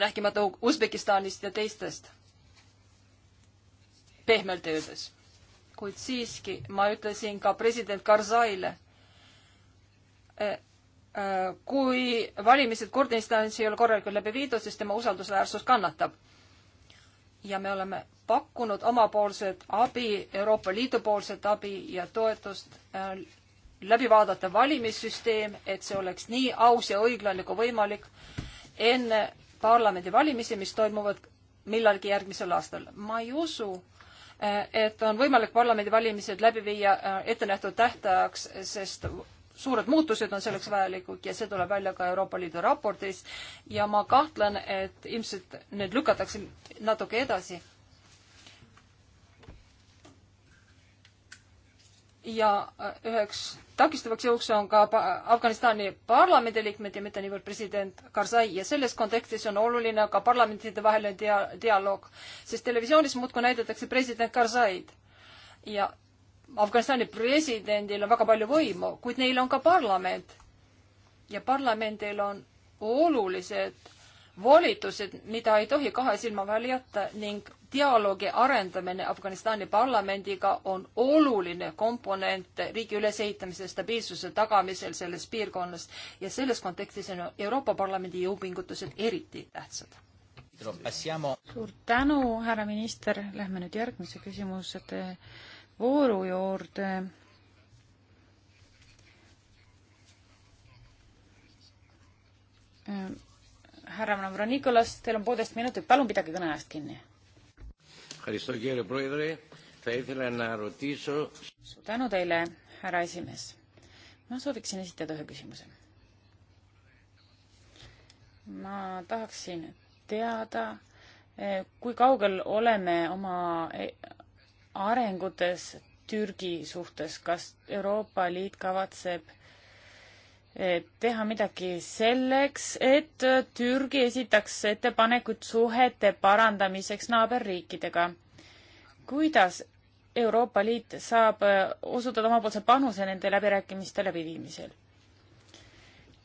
rääkimata Usbekistanist ja teistest, pehmelt öeldes. kuid siiski ma ütlesin ka president Karzaile, eh, eh, kui valimised Kurdistanis ei ole korralikult läbi viidud, siis tema usaldusväärsus kannatab. ja me oleme pakkunud omapoolset abi, Euroopa Liidu poolset abi ja toetust eh, läbi vaadata valimissüsteem, et see oleks nii aus ja õiglane kui võimalik enne parlamendivalimisi, mis toimuvad millalgi järgmisel aastal. ma ei usu, eh, et on võimalik parlamendivalimised läbi viia eh, ettenähtud tähtajaks, sest suured muutused on selleks vajalikud ja see tuleb välja ka Euroopa Liidu raportis ja ma kahtlen, et ilmselt need lükatakse natuke edasi ja äh, üheks takistavaks jõuks on ka Afganistani parlamendi liikmed ja mitte niivõrd president Karzai ja selles kontekstis on oluline ka parlamentide vaheline dia-, dialoog, sest televisioonis muudkui näidatakse president Karzaid ja Afganistani presidendil on väga palju võimu, kuid neil on ka parlament. ja parlamendil on olulised volitused, mida ei tohi kahe silma vahel jätta ning dialoogi arendamine Afganistani parlamendiga on oluline komponent riigi ülesehitamise stabiilsuse tagamisel selles piirkonnas ja selles kontekstis on Euroopa Parlamendi jõupingutused eriti tähtsad. suur tänu, härra minister, lähme nüüd järgmise küsimuste vooru juurde. Ehm, härra Navronikolas, teil on poolteist minutit, palun pidage kõne ajast kinni suur tänu teile, härra esimees. ma sooviksin esitada ühe küsimuse. ma tahaksin teada, kui kaugel oleme oma arengutes Türgi suhtes, kas Euroopa Liit kavatseb teha midagi selleks, et Türgi esitaks ettepanekud suhete parandamiseks naaberriikidega. kuidas Euroopa Liit saab osutada omapoolse panuse nende läbirääkimiste läbiviimisel?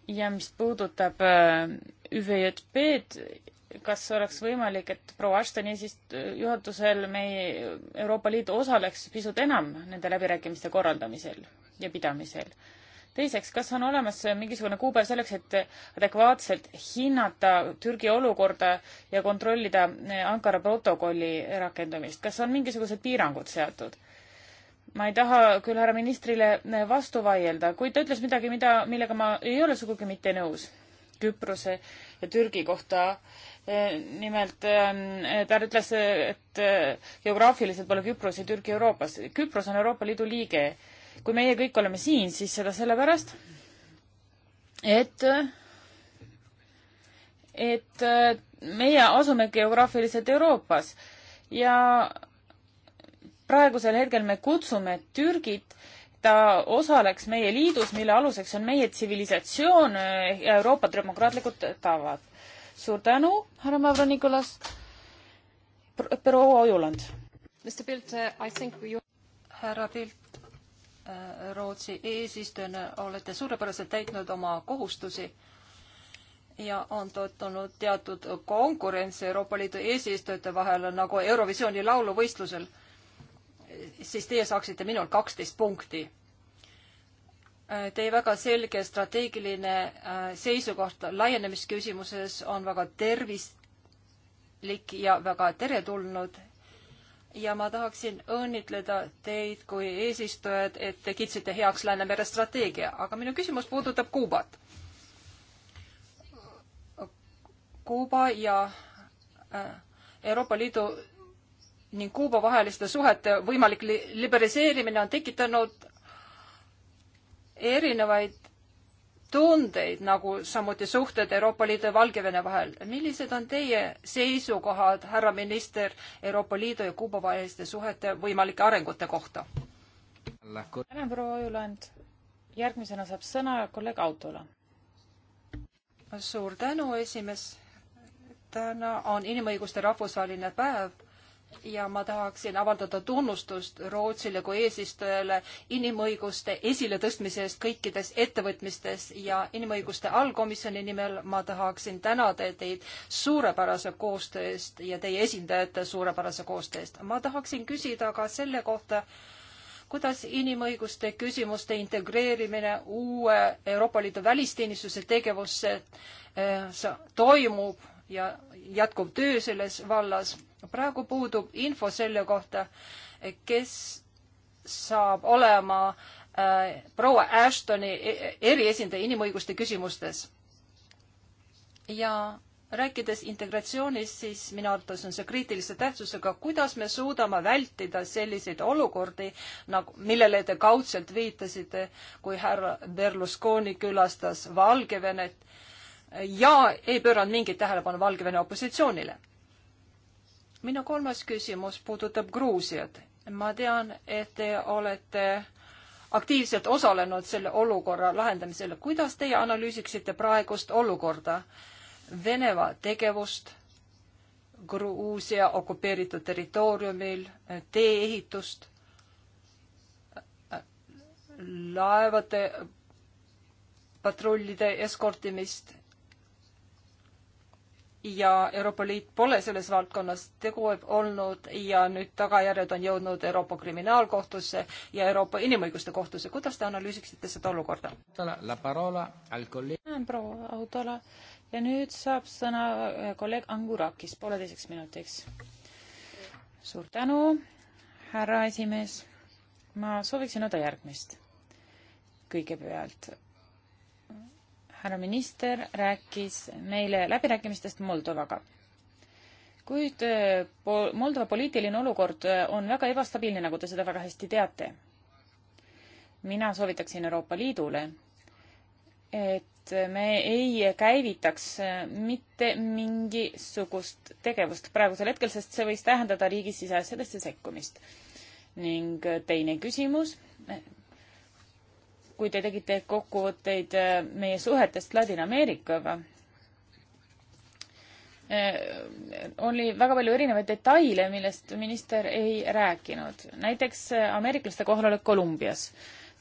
ja mis puudutab äh, ÜVJP-d, kas oleks võimalik, et proua Ashtoni eesist-, juhatusel meie Euroopa Liit osaleks pisut enam nende läbirääkimiste korraldamisel ja pidamisel? teiseks, kas on olemas mingisugune kuupäev selleks, et adekvaatselt hinnata Türgi olukorda ja kontrollida eh, Ankara protokolli rakendumist, kas on mingisugused piirangud seatud? ma ei taha küll härra ministrile eh, vastu vaielda, kuid ta ütles midagi, mida, millega ma ei ole sugugi mitte nõus. Küprose ja Türgi kohta eh, nimelt ähm, ta ütles, et geograafiliselt pole Küpros ja Türgi Euroopas. Küpros on Euroopa Liidu liige kui meie kõik oleme siin, siis seda sellepärast, et, et meie asume geograafiliselt Euroopas ja praegusel hetkel me kutsume Türgit, ta osaleks meie liidus, mille aluseks on meie tsivilisatsioon ja Euroopa demokraatlikud tavad. suur tänu, härra Mavronikolas. proua Ojuland. härra Pilt, Rootsi eesistujana olete suurepäraselt täitnud oma kohustusi ja on toetunud teatud konkurentsi Euroopa Liidu eesistujate vahel nagu Eurovisiooni lauluvõistlusel, siis teie saaksite minul kaksteist punkti. Teie väga selge strateegiline äh, seisukoht laienemisküsimuses on väga tervislik ja väga teretulnud ja ma tahaksin õnnitleda teid kui eesistujad, et te kiitsite heaks Läänemere strateegia, aga minu küsimus puudutab Kuubat. Kuuba ja äh, Euroopa Liidu ning Kuuba vaheliste suhete võimalik liberaliseerimine on tekitanud erinevaid tundeid, nagu samuti suhted Euroopa Liidu ja Valgevene vahel. millised on teie seisukohad, härra minister, Euroopa Liidu ja Kuuba vaheliste suhete võimalike arengute kohta? tänan, proua Ojuland. järgmisena saab sõna kolleeg Autola. suur tänu, esimees. täna on inimõiguste rahvusvaheline päev ja ma tahaksin avaldada tunnustust Rootsile kui eesistujale inimõiguste esiletõstmise eest kõikides ettevõtmistes ja inimõiguste allkomisjoni nimel ma tahaksin tänada teid suurepärase koostöö eest ja teie esindajate suurepärase koostöö eest. ma tahaksin küsida ka selle kohta, kuidas inimõiguste küsimuste integreerimine uue Euroopa Liidu välisteenistuse tegevusse eh, toimub ja jätkuv töö selles vallas praegu puudub info selle kohta, kes saab olema äh, proua Ashtoni e-, eriesindaja inimõiguste küsimustes. ja rääkides integratsioonist, siis minu arvates on see kriitilise tähtsusega, kuidas me suudame vältida selliseid olukordi, nagu, millele te kaudselt viitasite, kui härra Berlusconi külastas Valgevenet ja ei pööranud mingit tähelepanu Valgevene opositsioonile minu kolmas küsimus puudutab Gruusiat. ma tean, et te olete aktiivselt osalenud selle olukorra lahendamisel. kuidas teie analüüsiksite praegust olukorda, Venemaa tegevust Gruusia okupeeritud territooriumil, tee-ehitust, laevade patrullide eskortimist ja Euroopa Liit pole selles valdkonnas tegu olnud ja nüüd tagajärjed on jõudnud Euroopa Kriminaalkohtusse ja Euroopa Inimõiguste Kohtusse. kuidas te analüüsiksite seda olukorda? proua Autola ja nüüd saab sõna äh, kolleeg Angurakis pooleteiseks minutiks. suur tänu, härra esimees. ma sooviksin öelda järgmist. kõigepealt härra minister rääkis meile läbirääkimistest Moldovaga. kuid eh, po-, Moldova poliitiline olukord eh, on väga ebastabiilne, nagu te seda väga hästi teate. mina soovitaksin Euroopa Liidule, et me ei käivitaks eh, mitte mingisugust tegevust praegusel hetkel, sest see võis tähendada riigi siseasjadesse sekkumist. ning teine küsimus, kui te tegite kokkuvõtteid äh, meie suhetest Ladina-Ameerikaga. Äh, oli väga palju erinevaid detaile, millest minister ei rääkinud. näiteks äh, ameeriklaste kohalolek Kolumbias.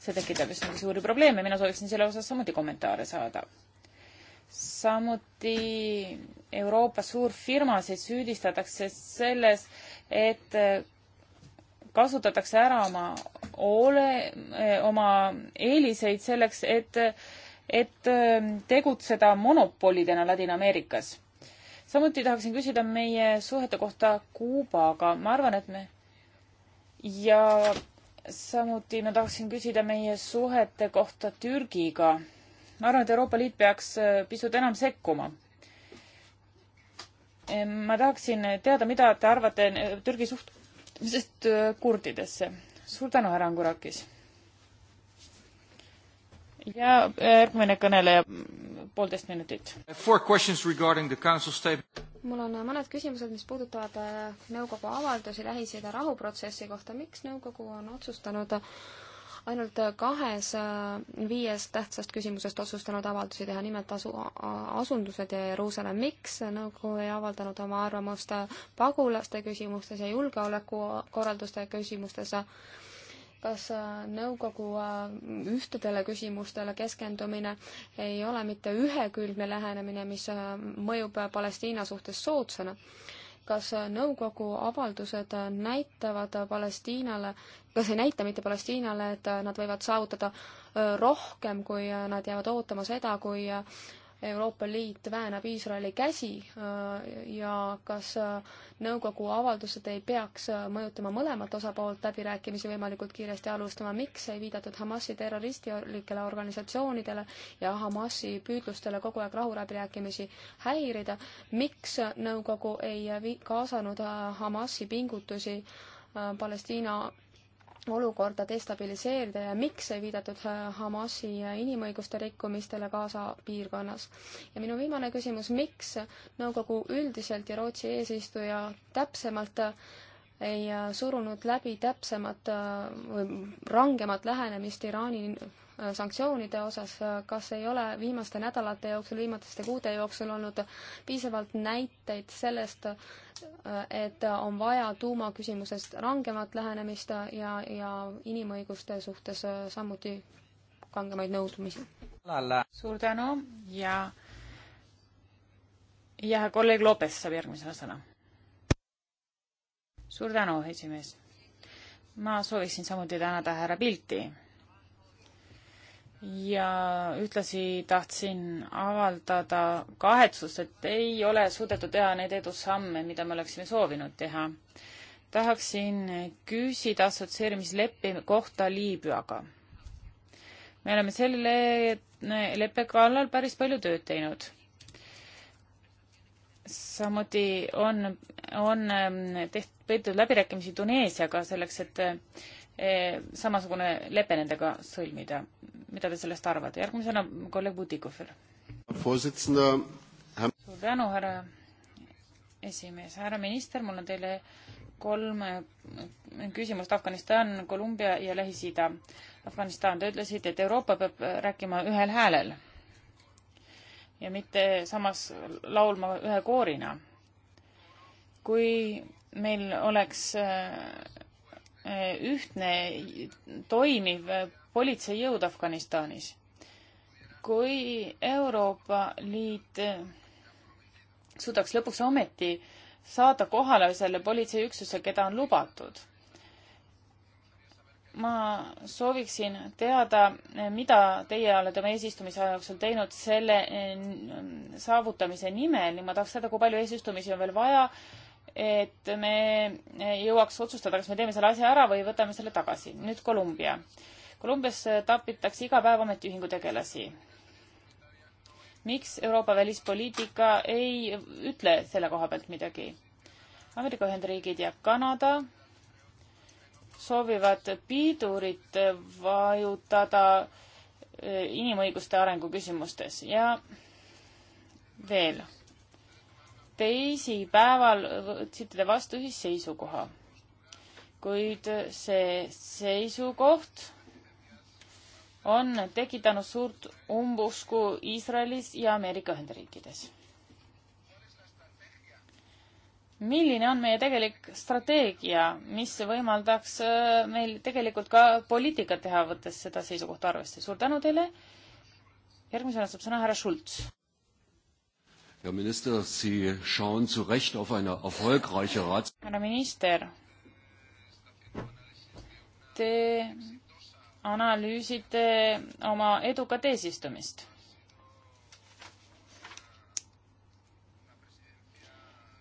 see tekitab üsnagi suuri probleeme, mina sooviksin selle osas samuti kommentaare saada. samuti Euroopa suurfirmasid süüdistatakse selles, et kasutatakse ära oma ole, eh, oma eeliseid selleks, et, et eh, tegutseda monopolidena Ladina-Ameerikas. samuti tahaksin küsida meie suhete kohta Kuubaga, ma arvan, et me ja samuti ma tahaksin küsida meie suhete kohta Türgiga. ma arvan, et Euroopa Liit peaks eh, pisut enam sekkuma ma tahaksin teada, mida te arvate Türgi suhtumisest kurdidesse suur tänu, härra Angurakis. ja eh, järgmine kõneleja, poolteist minutit. mul on eh, mõned küsimused, mis puudutavad eh, nõukogu avaldusi Lähis-Ida rahuprotsessi kohta. miks nõukogu on otsustanud ainult kahes äh, viies tähtsast küsimusest otsustanud avaldusi teha, nimelt asu, asundused ja Jeruusalemm. miks nõukogu ei avaldanud oma arvamust äh, pagulaste küsimustes ja julgeolekukorralduste küsimustes? kas äh, nõukogu ühtedele küsimustele keskendumine ei ole mitte ühekülgne lähenemine, mis mõjub Palestiina suhtes soodsana? kas nõukogu avaldused näitavad Palestiinale, kas ei näita mitte Palestiinale, et nad võivad saavutada äh, rohkem, kui nad jäävad ootama seda, kui äh, Euroopa Liit väänab Iisraeli käsi äh, ja kas äh, nõukogu avaldused ei peaks äh, mõjutama mõlemat osapoolt läbirääkimisi võimalikult kiiresti alustama, miks ei viidatud Hamasi terroristlikele organisatsioonidele ja Hamasi püüdlustele kogu aeg rahuläbirääkimisi häirida, miks nõukogu ei kaasanud Hamasi pingutusi Palestiina olukorda destabiliseerida ja miks ei viidatud äh, Hamasi äh, inimõiguste rikkumistele Gaza piirkonnas. ja minu viimane küsimus, miks nõukogu üldiselt ja Rootsi eesistuja täpsemalt äh, ei surunud läbi täpsemat või rangemat lähenemist Iraani sanktsioonide osas, kas ei ole viimaste nädalate jooksul, viimaste kuude jooksul olnud piisavalt näiteid sellest, et on vaja tuumaküsimusest rangemat lähenemist ja, ja inimõiguste suhtes samuti kangemaid nõudmisi? suur tänu ja ja kolleeg Lopes saab järgmisena sõna. suur tänu, esimees. ma sooviksin samuti tänada härra Pilti ja ühtlasi tahtsin avaldada kahetsust, et ei ole suudetud teha neid edusamme, mida me oleksime soovinud teha. tahaksin küsida assotsieerimisleppe kohta Liibüaga. me oleme selle leppe kallal päris palju tööd teinud. samuti on, on ähm, tehtud, peetud läbirääkimisi Tuneesiaga selleks, et Eh, samasugune lepe nendega sõlmida. mida te sellest arvate? järgmisena kolleeg Butikofer. Eh, suur tänu, härra esimees. härra minister, mul on teile kolm eh, küsimust Afganistan, Kolumbia ja Lähis-Ida. Afganistan, te ütlesite, et Euroopa peab rääkima ühel häälel ja mitte samas laulma ühe koorina. kui meil oleks Eh, ühtne toimiv politseijõud Afganistanis. kui Euroopa Liit eh, suudaks lõpuks ometi saada kohale selle politseiüksuse, keda on lubatud. ma sooviksin teada, eh, mida teie olete oma eesistumise jooksul teinud selle saavutamise nimel ja ma tahaks teada, kui palju eesistumisi on veel vaja et me jõuaks otsustada, kas me teeme selle asja ära või võtame selle tagasi. nüüd Kolumbia. Kolumbias tapitakse iga päev ametiühingu tegelasi. miks Euroopa välispoliitika ei ütle selle koha pealt midagi? Ameerika Ühendriigid ja Kanada soovivad piidurit vajutada eh, inimõiguste arengu küsimustes ja veel teisipäeval võtsite te vastu siis seisukoha. kuid see seisukoht on tekitanud suurt umbusku Iisraelis ja Ameerika Ühendriikides. milline on meie tegelik strateegia, mis võimaldaks äh, meil tegelikult ka poliitikat teha, võttes seda seisukohta arvesse? suur tänu teile. järgmisena saab sõna härra Schultz Herr Minister, Sie schauen zu Recht auf eine erfolgreiche Rats... härra minister, te analüüsite oma edukat eesistumist.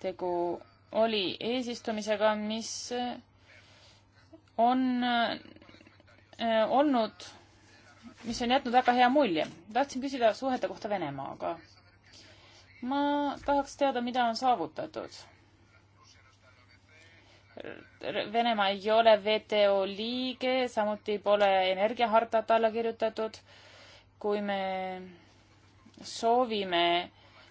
tegu oli eesistumisega, mis on eh, olnud, mis on jätnud väga hea mulje. tahtsin küsida suhete kohta Venemaaga ma tahaks teada, mida on saavutatud. Venemaa ei ole WTO liige, samuti pole energiahartat alla kirjutatud. kui me soovime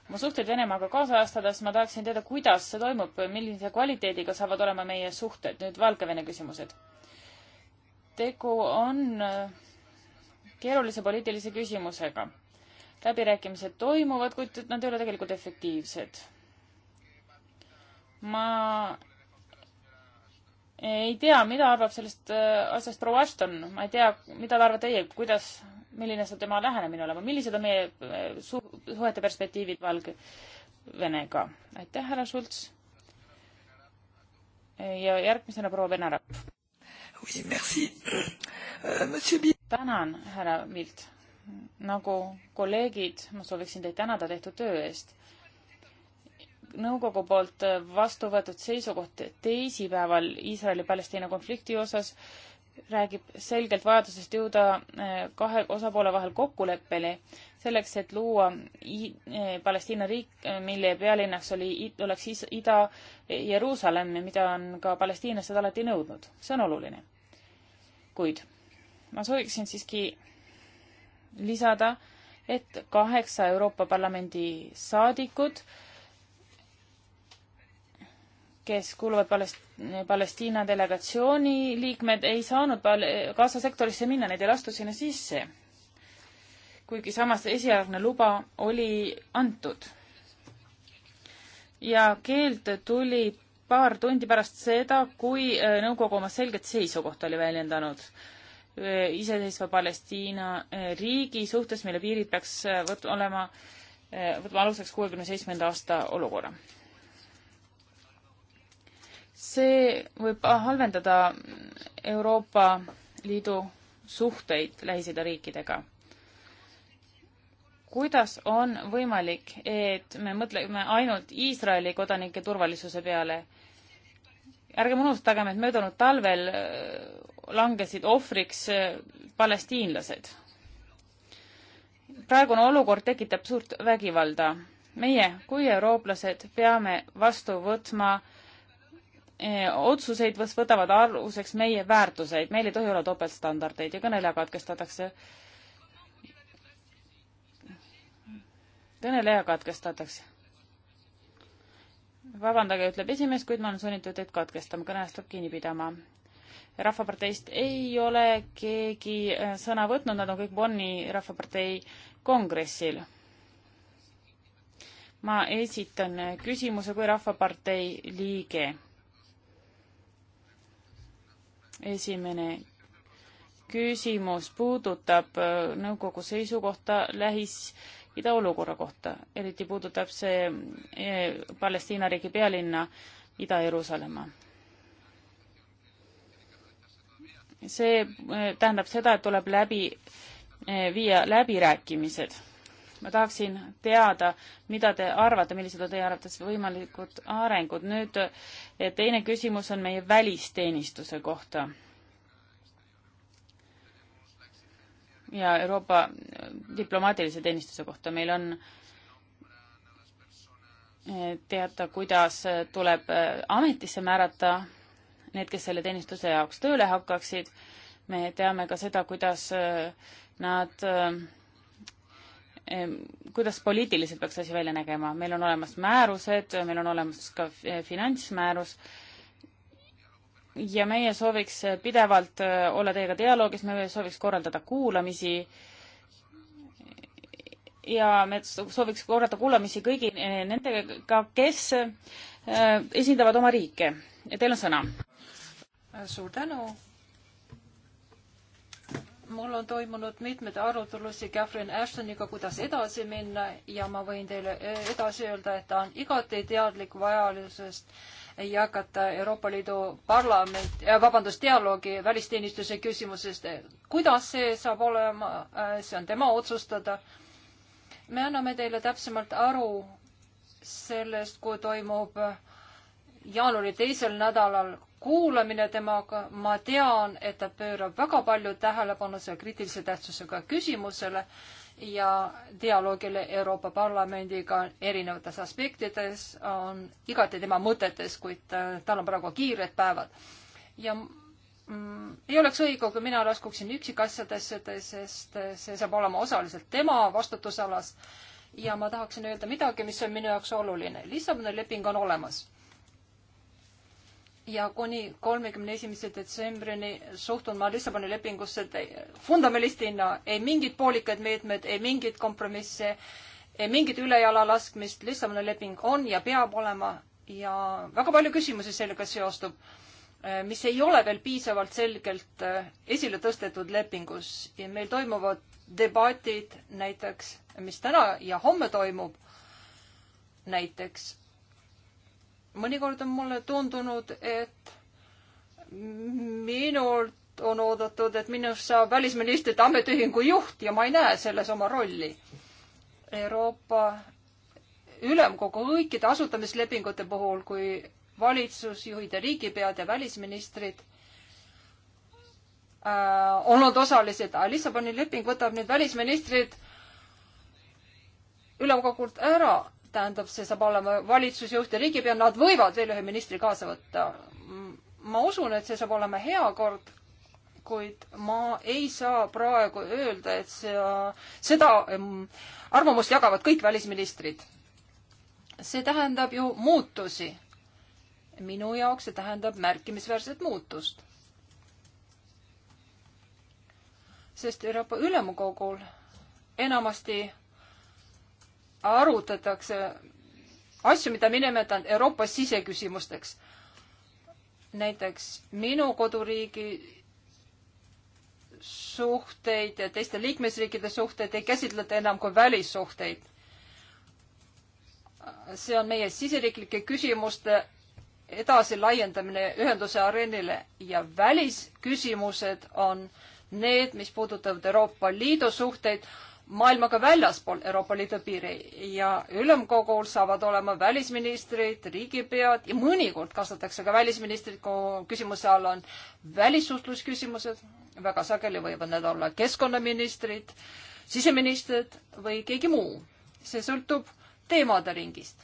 oma suhted Venemaaga kaasajastada, siis ma tahaksin teada, kuidas see toimub, millise kvaliteediga saavad olema meie suhted, nüüd Valgevene küsimused. tegu on keerulise poliitilise küsimusega läbirääkimised toimuvad, kuid nad ei ole tegelikult efektiivsed. ma ei tea, mida arvab sellest äh, asjast proua Ashton, ma ei tea, mida te arvate teie, kuidas, milline saab tema lähenemine olema, millised on meie äh, su suhete perspektiivid Valgevenega? aitäh, härra Schultz. ja järgmisena proua Venera. Euh, tänan, härra Milt nagu kolleegid, ma sooviksin teid tänada tehtud töö eest. nõukogu poolt vastu võetud seisukoht teisipäeval Iisraeli-Palestiina konflikti osas räägib selgelt vajadusest jõuda äh, kahe osapoole vahel kokkuleppele selleks, et luua äh, Palestiina riik, äh, mille pealinnaks oli, oleks Ida-Jeruusalemm ja mida on ka palestiinlased alati nõudnud. see on oluline. kuid ma sooviksin siiski lisada, et kaheksa Euroopa Parlamendi saadikud, kes kuuluvad Palest-, Palestiina delegatsiooni liikmed, ei saanud pal-, Gaza sektorisse minna, neid ei lastud sinna sisse. kuigi samas esialgne luba oli antud. ja keeld tuli paar tundi pärast seda, kui äh, nõukogu oma selget seisukohta oli väljendanud iseseisva Palestiina eh, riigi suhtes, mille piirid peaks eh, võt-, olema, eh, võtma aluseks kuuekümne seitsmenda aasta olukorra. see võib ah, halvendada Euroopa Liidu suhteid Lähis-Ida riikidega. kuidas on võimalik, et me mõtleme ainult Iisraeli kodanike turvalisuse peale? ärgem unustagem, et möödunud talvel langesid ohvriks eh, palestiinlased. praegune olukord tekitab suurt vägivalda. meie kui eurooplased peame vastu võtma eh, otsuseid, mis võtavad aluseks meie väärtuseid, meil ei tohi olla topeltstandardeid ja kõneleja katkestatakse. kõneleja katkestatakse. vabandage, ütleb esimees, kuid ma olen sunnitud teid katkestama, kõne eest peab kinni pidama rahvaparteist ei ole keegi äh, sõna võtnud, nad on kõik Bonni rahvapartei kongressil. ma esitan äh, küsimuse kui rahvapartei liige. esimene küsimus puudutab äh, nõukogu seisukohta Lähis-Ida olukorra kohta, eriti puudutab see Palestiina riigi pealinna Ida-Jeruusalemma see eh, tähendab seda, et tuleb läbi eh, viia läbirääkimised. ma tahaksin teada, mida te arvate, millised on teie arvates võimalikud arengud. nüüd eh, teine küsimus on meie välisteenistuse kohta. ja Euroopa diplomaatilise teenistuse kohta. meil on teada, kuidas tuleb ametisse määrata need, kes selle teenistuse jaoks tööle hakkaksid. me teame ka seda, kuidas äh, nad, äh, kuidas poliitiliselt peaks asi välja nägema. meil on olemas määrused, meil on olemas ka äh, finantsmäärus ja meie sooviks pidevalt olla teiega dialoogis, me sooviks korraldada kuulamisi ja me sooviks korrata kuulamisi kõigi nendega, kes esindavad oma riike. Teil on sõna suur tänu. mul on toimunud mitmeid arutelusid Catherine Ashtoniga, kuidas edasi minna ja ma võin teile e, edasi öelda, et ta on igati teadlik vajalusest jätkata Euroopa Liidu parlament, äh, vabandust, dialoogi välisteenistuse küsimusest. kuidas see saab olema, äh, see on tema otsustada. me anname teile täpsemalt aru sellest, kui toimub äh, jaanuari teisel nädalal kuulamine temaga, ma tean, et ta pöörab väga palju tähelepanu selle kriitilise tähtsusega küsimusele ja dialoogile Euroopa Parlamendiga erinevates aspektides on igati tema mõtetes, kuid äh, tal on praegu kiired päevad. ja mm, ei oleks õige, kui mina laskuksin üksikasjadesse, sest äh, see saab olema osaliselt tema vastutusalas ja ma tahaksin öelda midagi, mis on minu jaoks oluline. Lissaboni leping on olemas ja kuni kolmekümne esimese detsembrini suhtun ma Lissaboni lepingusse fundamentalistina. ei mingeid poolikaid meetmeid, ei mingeid kompromisse, ei mingit ülejala laskmist. Lissaboni leping on ja peab olema ja väga palju küsimusi sellega seostub, eh, mis ei ole veel piisavalt selgelt eh, esile tõstetud lepingus ja meil toimuvad debatid näiteks, mis täna ja homme toimub näiteks mõnikord on mulle tundunud, et minult on oodatud, et minust saab välisministrite ametiühingu juht ja ma ei näe selles oma rolli. Euroopa Ülemkogu kõikide asutamislepingute puhul, kui valitsusjuhid ja riigipead ja välisministrid äh, olnud osalised, aga Lissaboni leping võtab nüüd välisministrid ülemkogult ära tähendab, see saab olema valitsusjuht ja riigipea, nad võivad veel ühe ministri kaasa võtta. ma usun, et see saab olema hea kord, kuid ma ei saa praegu öelda, et see, seda arvamust jagavad kõik välisministrid. see tähendab ju muutusi. minu jaoks see tähendab märkimisväärset muutust. sest Euroopa Ülemkogul enamasti arutatakse asju, mida me nimetame Euroopa siseküsimusteks. näiteks minu koduriigi suhteid ja teiste liikmesriikide suhteid ei käsitleta enam kui välissuhteid. see on meie siseriiklike küsimuste edasilaiendamine ühenduse areenile ja välisküsimused on need, mis puudutavad Euroopa Liidu suhteid maailmaga väljaspool Euroopa Liidu piiri ja ülemkogul saavad olema välisministrid, riigipead ja mõnikord kasutatakse ka välisministrid, kui küsimuse all on välissuhtlusküsimused, väga sageli võivad need olla keskkonnaministrid, siseministrid või keegi muu. see sõltub teemade ringist.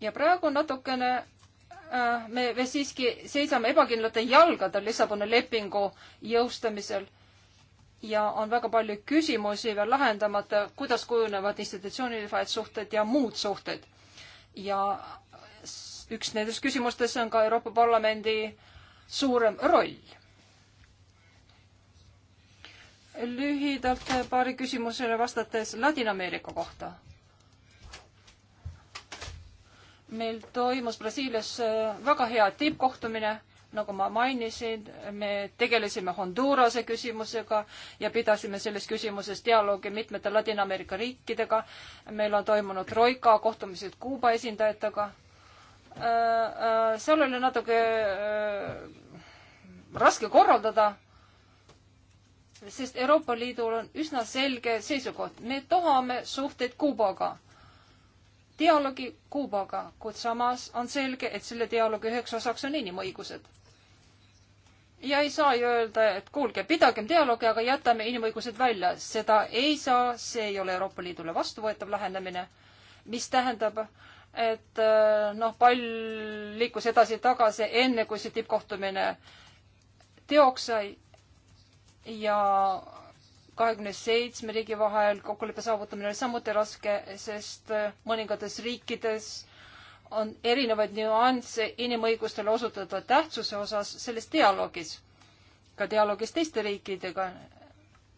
ja praegu natukene äh, me siiski seisame ebakindlate jalgadel Lissaboni lepingu jõustamisel ja on väga palju küsimusi veel lahendamata, kuidas kujunevad institutsioonilised suhted ja muud suhted. ja üks nendest küsimustest on ka Euroopa Parlamendi suurem roll. lühidalt paari küsimusele vastates Ladina-Ameerika kohta. meil toimus Brasiilias väga hea tippkohtumine nagu ma mainisin, me tegelesime Hondurase küsimusega ja pidasime selles küsimuses dialoogi mitmete Ladina-Ameerika riikidega. meil on toimunud Troika kohtumised Kuuba esindajatega. Äh, äh, seal oli natuke äh, raske korraldada, sest Euroopa Liidul on üsna selge seisukoht, me tahame suhteid Kuubaga dialoogi Kuubaga, kuid samas on selge, et selle dialoogi üheks osaks on inimõigused ja ei saa ju öelda, et kuulge, pidagem dialoogi, aga jätame inimõigused välja. seda ei saa, see ei ole Euroopa Liidule vastuvõetav lähenemine, mis tähendab, et äh, noh, pall liikus edasi-tagasi, enne kui see tippkohtumine teoks sai ja kahekümne seitsme riigi vahel kokkuleppe saavutamine oli samuti raske, sest äh, mõningates riikides on erinevaid nüansse inimõigustele osutatud tähtsuse osas selles dialoogis, ka dialoogis teiste riikidega,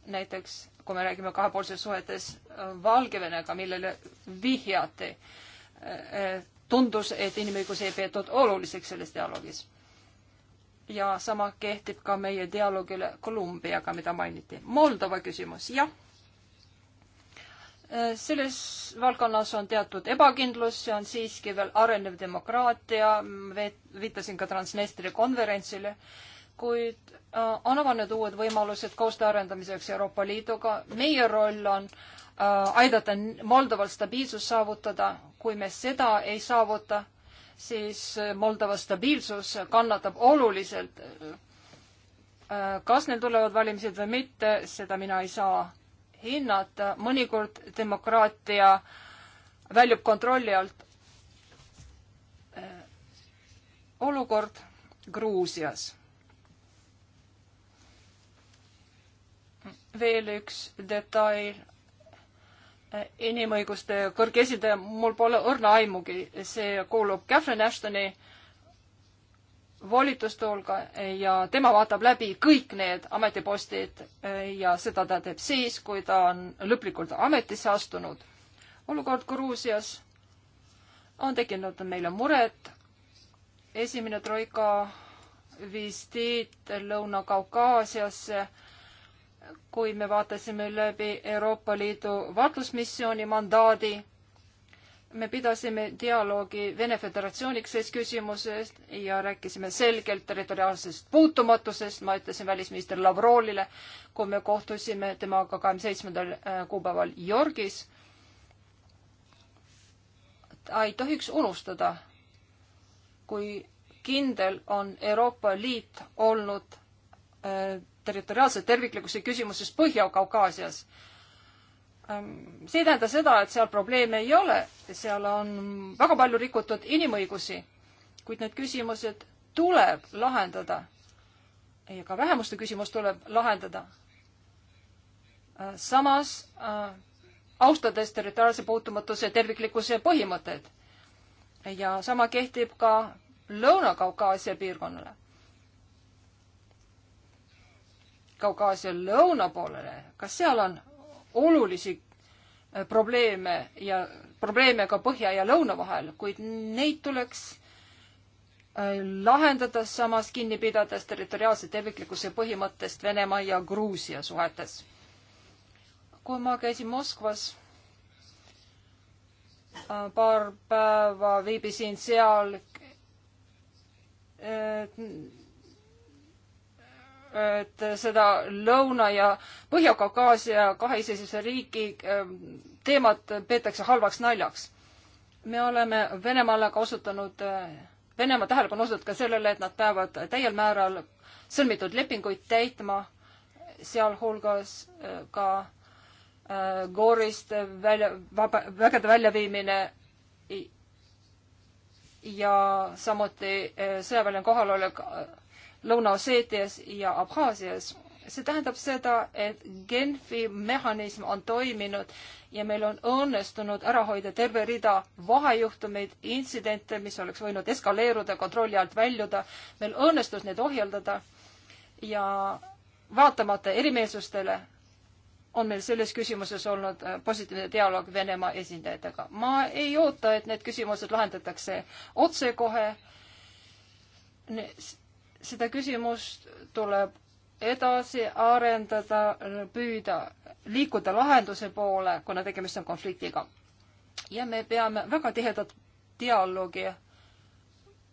näiteks kui me räägime kahepoolses suhetes äh, Valgevenega, millele vihjati. Äh, äh, tundus, et inimõigusi ei peetud oluliseks selles dialoogis. ja sama kehtib ka meie dialoogile Kolumbiaga, mida mainiti. Moldova küsimus, jah Äh, selles valdkonnas on teatud ebakindlus, see on siiski veel arenev demokraatia, viitasin ka Transnistria konverentsile, kuid äh, on avanenud uued võimalused koostöö arendamiseks Euroopa Liiduga. meie roll on äh, aidata Moldoval stabiilsust saavutada, kui me seda ei saavuta, siis Moldova stabiilsus kannatab oluliselt. kas neil tulevad valimised või mitte, seda mina ei saa hinnata, mõnikord demokraatia väljub kontrolli alt. Äh, olukord Gruusias. veel üks detail äh, inimõiguste kõrge esindaja, mul pole õrna aimugi, see kuulub Catherine Ashtoni äh, volituste hulga ja tema vaatab läbi kõik need ametipostid eh, ja seda ta teeb siis, kui ta on lõplikult ametisse astunud. olukord Gruusias on tekitanud meile muret. esimene troika visiit Lõuna-Kaukaasiasse, kui me vaatasime läbi Euroopa Liidu vaatlusmissiooni mandaadi me pidasime dialoogi Vene Föderatsiooniks selles küsimuses ja rääkisime selgelt territoriaalsest puutumatusest, ma ütlesin välisminister Lavrovile, kui me kohtusime temaga kahekümne seitsmendal äh, kuupäeval Yorgis. ta ei tohiks unustada, kui kindel on Euroopa Liit olnud äh, territoriaalse terviklikkuse küsimuses Põhja-Kaukaasias Ähm, see ei tähenda seda, et seal probleeme ei ole, seal on väga palju rikutud inimõigusi, kuid need küsimused tuleb lahendada. ja ka vähemuste küsimus tuleb lahendada. Äh, samas äh, austades territoriaalse puutumatuse terviklikkuse põhimõtted. ja sama kehtib ka Lõuna-Kaukaasia piirkonnale. Kaukaasia lõuna poolele, kas seal on olulisi äh, probleeme ja probleeme ka põhja ja lõuna vahel, kuid neid tuleks äh, lahendada samas kinni pidades territoriaalse terviklikkuse põhimõttest Venemaa ja Gruusia suhetes. kui ma käisin Moskvas, äh, paar päeva viibisin seal, et seda Lõuna- ja Põhja-Kaukaasia kaheiseseisvuse riigi ähm, teemat peetakse halvaks naljaks. me oleme Venemaale ka osutanud, äh, Venemaa tähelepanu osutanud ka sellele, et nad peavad täiel määral sõlmitud lepinguid täitma, sealhulgas äh, ka äh, Gorist välja, vägede väljaviimine ja samuti sõjaväeline kohalolek Lõuna-Osseetias ja Abhaasias. see tähendab seda, et Genfi mehhanism on toiminud ja meil on õnnestunud ära hoida terve rida vahejuhtumeid, intsidente, mis oleks võinud eskaleeruda, kontrolli alt väljuda. meil õnnestus neid ohjeldada ja vaatamata erimeelsustele on meil selles küsimuses olnud äh, positiivne dialoog Venemaa esindajatega. ma ei oota, et need küsimused lahendatakse otsekohe seda küsimust tuleb edasi arendada, püüda liikuda lahenduse poole, kuna tegemist on konfliktiga. ja me peame väga tihedat dialoogi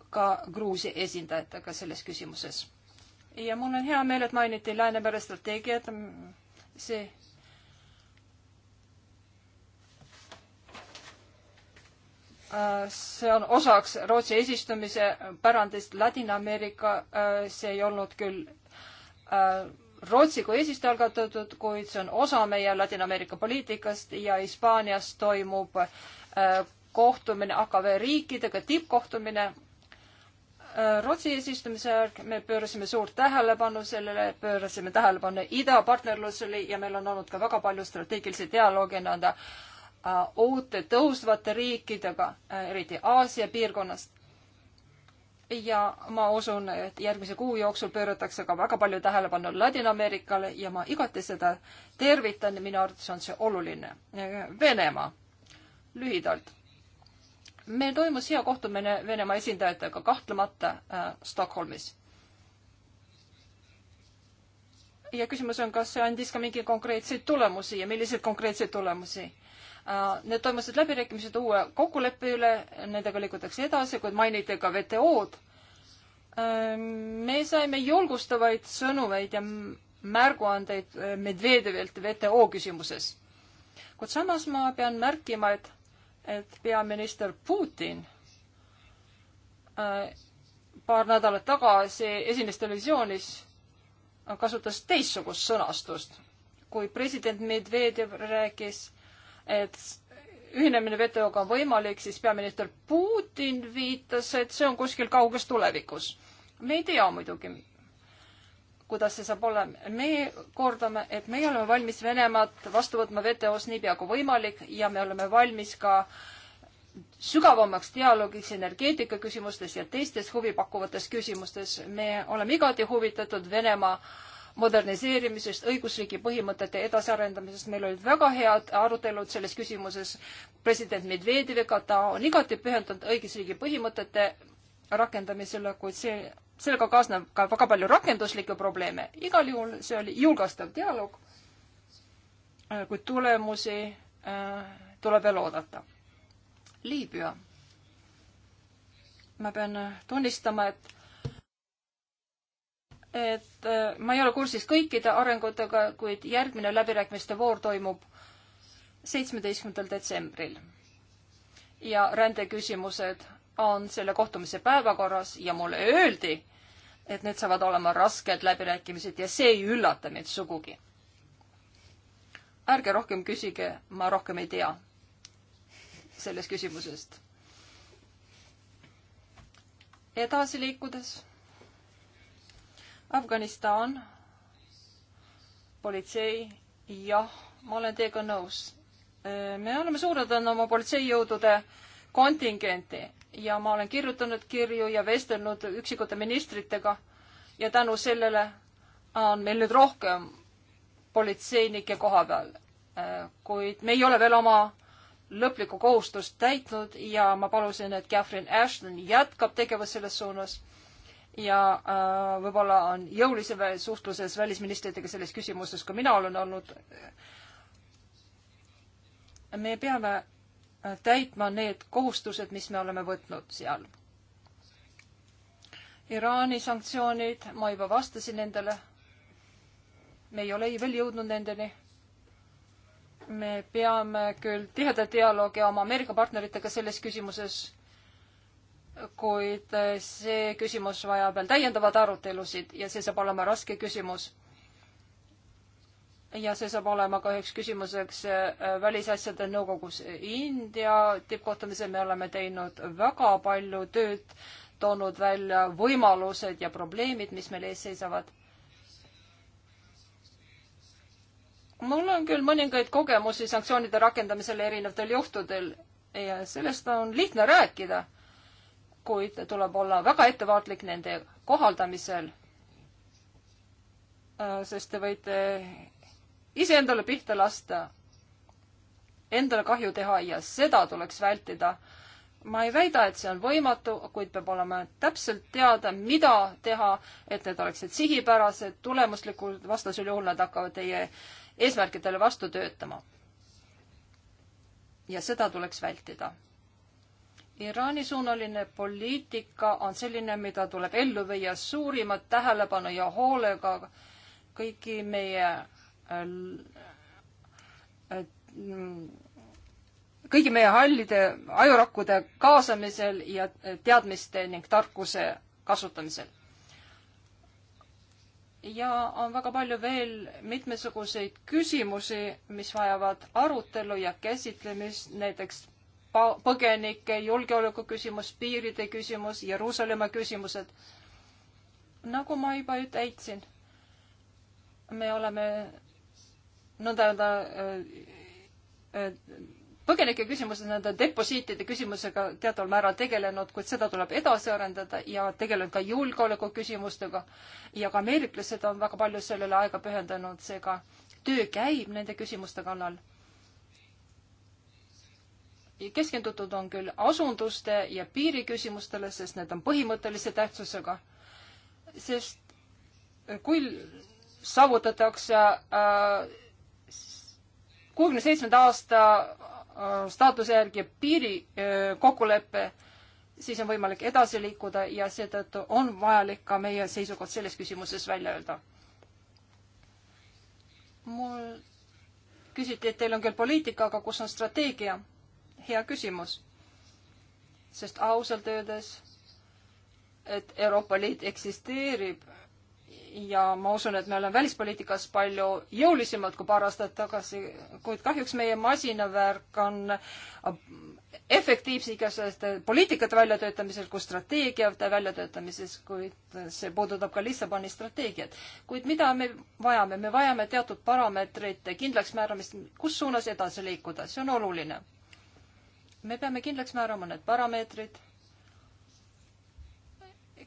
ka Gruusia esindajatega selles küsimuses. ja mul on hea meel, et mainiti Läänemere strateegiat. see Äh, see on osaks Rootsi eesistumise pärandist Ladina-Ameerika, äh, see ei olnud küll äh, Rootsi kui eesistuja algatatud, kuid see on osa meie Ladina-Ameerika poliitikast ja Hispaanias toimub kohtumine AKV riikidega, tippkohtumine. Rootsi eesistumise järg me pöörasime suurt tähelepanu sellele, pöörasime tähelepanu idapartnerlusele ja meil on olnud ka väga palju strateegilisi dialoogi nõnda Äh, uute tõusvate riikidega, äh, eriti Aasia piirkonnast. ja ma usun, et järgmise kuu jooksul pööratakse ka väga palju tähelepanu Ladina-Ameerikale ja ma igati seda tervitan ja minu arvates on see oluline. Venemaa, lühidalt. meil toimus hea kohtumine Venemaa esindajatega kahtlemata äh, Stockholmis ja küsimus on, kas see andis ka mingeid konkreetseid tulemusi ja milliseid konkreetseid tulemusi. Äh, need toimusid läbirääkimised uue kokkuleppe üle, nendega liigutakse edasi, kuid mainiti ka WTO-d. Ähm, me saime julgustavaid sõnumeid ja märguandeid äh, Medvedevilt WTO küsimuses. kuid samas ma pean märkima, et, et peaminister Putin äh, paar nädalat tagasi esines televisioonis, kasutas teistsugust sõnastust, kui president Medvedev rääkis et ühinemine WTO-ga on võimalik, siis peaminister Putin viitas, et see on kuskil kauges tulevikus. me ei tea muidugi, kuidas see saab olema. meie kordame, et meie oleme valmis Venemaad vastu võtma WTO-s niipea kui võimalik ja me oleme valmis ka sügavamaks dialoogiks energeetika küsimustes ja teistes huvipakkuvates küsimustes. me oleme igati huvitatud Venemaa äh, moderniseerimisest, õigusriigi põhimõtete edasiarendamisest, meil olid väga head arutelud selles küsimuses president Medvedjeviga, ta on igati pühendunud õigusriigi põhimõtete rakendamisele, kuid see, sellega kaasneb ka väga palju rakenduslikke probleeme. igal juhul see oli julgastav dialoog, äh, kuid tulemusi äh, tuleb veel oodata. Liibüa. ma pean tunnistama, et et äh, ma ei ole kursis kõikide arengutega, kuid järgmine läbirääkimiste voor toimub seitsmeteistkümnendal detsembril. ja rändeküsimused on selle kohtumise päevakorras ja mulle öeldi, et need saavad olema rasked läbirääkimised ja see ei üllata mind sugugi. ärge rohkem küsige, ma rohkem ei tea sellest küsimusest. edasi liikudes Afganistan, politsei, jah, ma olen teiega nõus. Äh, me oleme suurendanud oma politseijõudude kontingenti ja ma olen kirjutanud kirju ja vestelnud üksikute ministritega ja tänu sellele on meil nüüd rohkem politseinikke koha peal. Äh, kuid me ei ole veel oma lõplikku kohustust täitnud ja ma palusin, et Catherine Ashton jätkab tegevust selles suunas ja äh, võib-olla on jõulisem suhtluses välisministritega selles küsimuses, kui mina olen olnud. me peame äh, täitma need kohustused, mis me oleme võtnud seal. Iraani sanktsioonid, ma juba vastasin nendele. me ei ole veel jõudnud nendeni. me peame küll tiheda dialoogi oma Ameerika partneritega selles küsimuses kuid eh, see küsimus vajab veel täiendavaid arutelusid ja see saab olema raske küsimus. ja see saab olema ka üheks küsimuseks eh, Välisasjade Nõukogus India tippkohtumisel. me oleme teinud väga palju tööd, toonud välja võimalused ja probleemid, mis meil ees seisavad. mul on küll mõningaid kogemusi sanktsioonide rakendamisel erinevatel juhtudel ja sellest on lihtne rääkida kuid tuleb olla väga ettevaatlik nende kohaldamisel. Äh, sest te võite iseendale pihta lasta, endale kahju teha ja seda tuleks vältida. ma ei väida, et see on võimatu, kuid peab olema täpselt teada, mida teha, et need oleksid sihipärased, tulemuslikud, vastasel juhul nad hakkavad teie eesmärkidele vastu töötama. ja seda tuleks vältida Iraani suunaline poliitika on selline, mida tuleb ellu viia suurima tähelepanu ja hoolega kõigi meie äh, äh, kõigi meie hallide ajurakkude kaasamisel ja äh, teadmiste ning tarkuse kasutamisel. ja on väga palju veel mitmesuguseid küsimusi, mis vajavad arutelu ja käsitlemist, näiteks põgenike, julgeoleku küsimus, piiride küsimus, Jeruusalemma küsimused. nagu ma juba täitsin, me oleme äh, äh, nõnda öelda põgenike küsimused, nende deposiitide küsimusega teataval määral tegelenud, kuid seda tuleb edasi arendada ja tegelenud ka julgeoleku küsimustega. ja ka ameeriklased on väga palju sellele aega pühendanud, seega töö käib nende küsimuste kallal keskendutud on küll asunduste ja piiriküsimustele, sest need on põhimõttelise tähtsusega. sest kui saavutatakse äh, kuuekümne äh, seitsmenda aasta äh, staatuse järgi piirikokkulepe äh,, siis on võimalik edasi liikuda ja seetõttu on vajalik ka meie seisukoht selles küsimuses välja öelda. mul küsiti, et teil on küll poliitika, aga kus on strateegia hea küsimus. sest ausalt öeldes, et Euroopa Liit eksisteerib ja ma usun, et me oleme välispoliitikas palju jõulisemad kui paar aastat tagasi, kuid kahjuks meie masinavärk on efektiivse igasuguste poliitikate väljatöötamisel kui strateegiate väljatöötamises, kuid see puudutab ka Lissaboni strateegiat. kuid mida me vajame, me vajame teatud parameetrite kindlaksmääramist, kus suunas edasi liikuda, see on oluline me peame kindlaks määrama need parameetrid,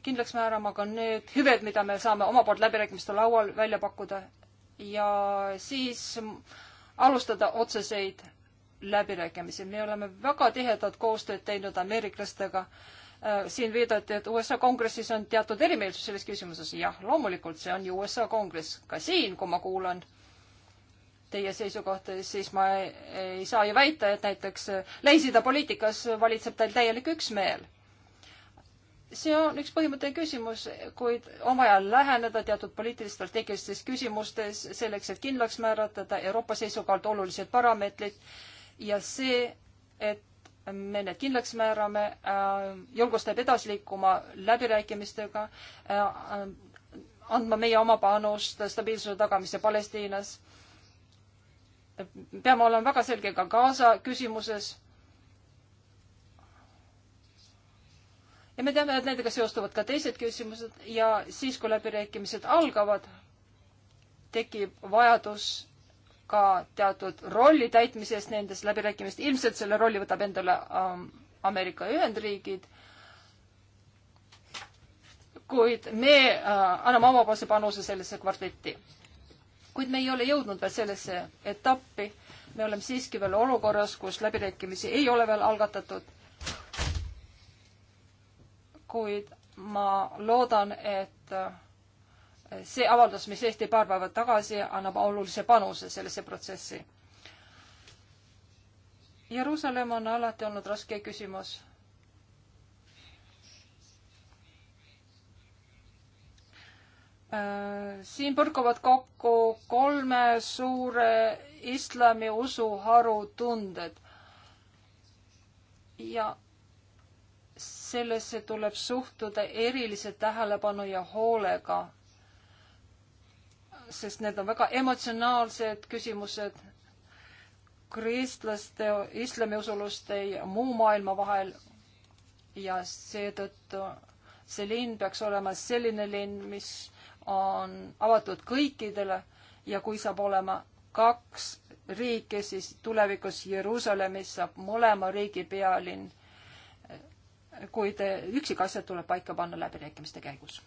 kindlaks määrama ka need hüved, mida me saame oma poolt läbirääkimiste laual välja pakkuda ja siis alustada otseseid läbirääkimisi. me oleme väga tihedat koostööd teinud ameeriklastega. Äh, siin viidati, et USA kongressis on teatud erimeelsus selles küsimuses. jah, loomulikult see on ju USA kongress. ka siin, kui ma kuulan äh, teie seisukohta, siis ma ei, ei saa ju väita, et näiteks Leisida poliitikas valitseb teil täielik üksmeel. see on üks põhimõtteline küsimus, kuid on vaja läheneda teatud poliitilist strateegilistes küsimustes selleks, et kindlaks määratleda Euroopa seisukohalt olulised parameetrid ja see, et me need kindlaks määrame äh,, julgustab edasi liikuma läbirääkimistega äh,, andma meie oma panust stabiilsuse tagamise Palestiinas äh, peame olema väga selge ka Gaza küsimuses. ja me teame, et nendega seostuvad ka teised küsimused ja siis, kui läbirääkimised algavad, tekib vajadus ka teatud rolli täitmise eest nendes läbirääkimistes. ilmselt selle rolli võtab endale ähm, Ameerika Ühendriigid. kuid me äh, anname omapoolse panuse sellesse kvartetti kuid me ei ole jõudnud veel sellesse etappi. me oleme siiski veel olukorras, kus läbirääkimisi ei ole veel algatatud. kuid ma loodan, et see avaldus, mis tehti paar päeva tagasi, annab olulise panuse sellesse protsessi. Jeruusalemm on alati olnud raske küsimus Äh, siin põrkuvad kokku kolme suure islami usuharu tunded. ja sellesse tuleb suhtuda erilise tähelepanu ja hoolega, sest need on väga emotsionaalsed küsimused kristlaste, islamiusuluste ja muu maailma vahel. ja seetõttu see linn peaks olema selline linn, mis on avatud kõikidele ja kui saab olema kaks riiki, siis tulevikus Jeruusalemmist saab mõlema riigi pealinn, kuid üksikasjad tuleb paika panna läbirääkimiste käigus.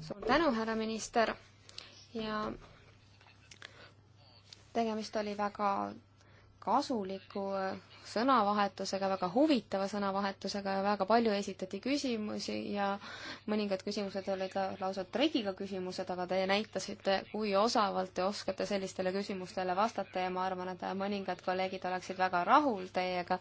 suur tänu, härra minister ja tegemist oli väga kasuliku sõnavahetusega, väga huvitava sõnavahetusega ja väga palju esitati küsimusi ja mõningad küsimused olid lausa trekiga küsimused, aga te näitasite, kui osavalt te oskate sellistele küsimustele vastata ja ma arvan, et mõningad kolleegid oleksid väga rahul teiega.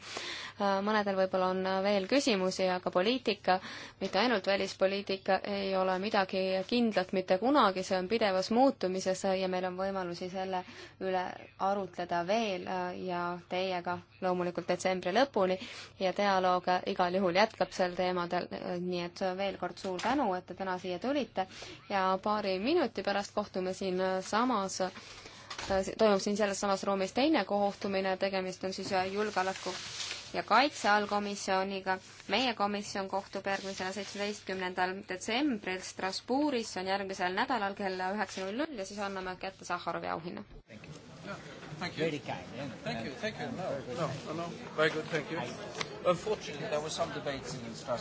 mõnedel võib-olla on veel küsimusi, aga poliitika, mitte ainult välispoliitika, ei ole midagi kindlat mitte kunagi, see on pidevas muutumises ja meil on võimalusi selle üle arutleda veel ja teiega loomulikult loomulikult detsembri lõpuni ja dialoog igal juhul jätkab sel teemadel, nii et veel kord suur tänu, et te täna siia tulite ja paari minuti pärast kohtume siinsamas toimub siin selles samas ruumis teine kohtumine, tegemist on siis julgeoleku ja kaitse allkomisjoniga. meie komisjon kohtub järgmisel seitsmeteistkümnendal detsembril Strasbourgis, see on järgmisel nädalal kella üheksa null null ja siis anname kätte Sahharovi auhinna. Thank you. Very kind. Eh? Thank you. Thank you. No, no, no. Very good. Thank you. Unfortunately, there were some debates in Strasbourg.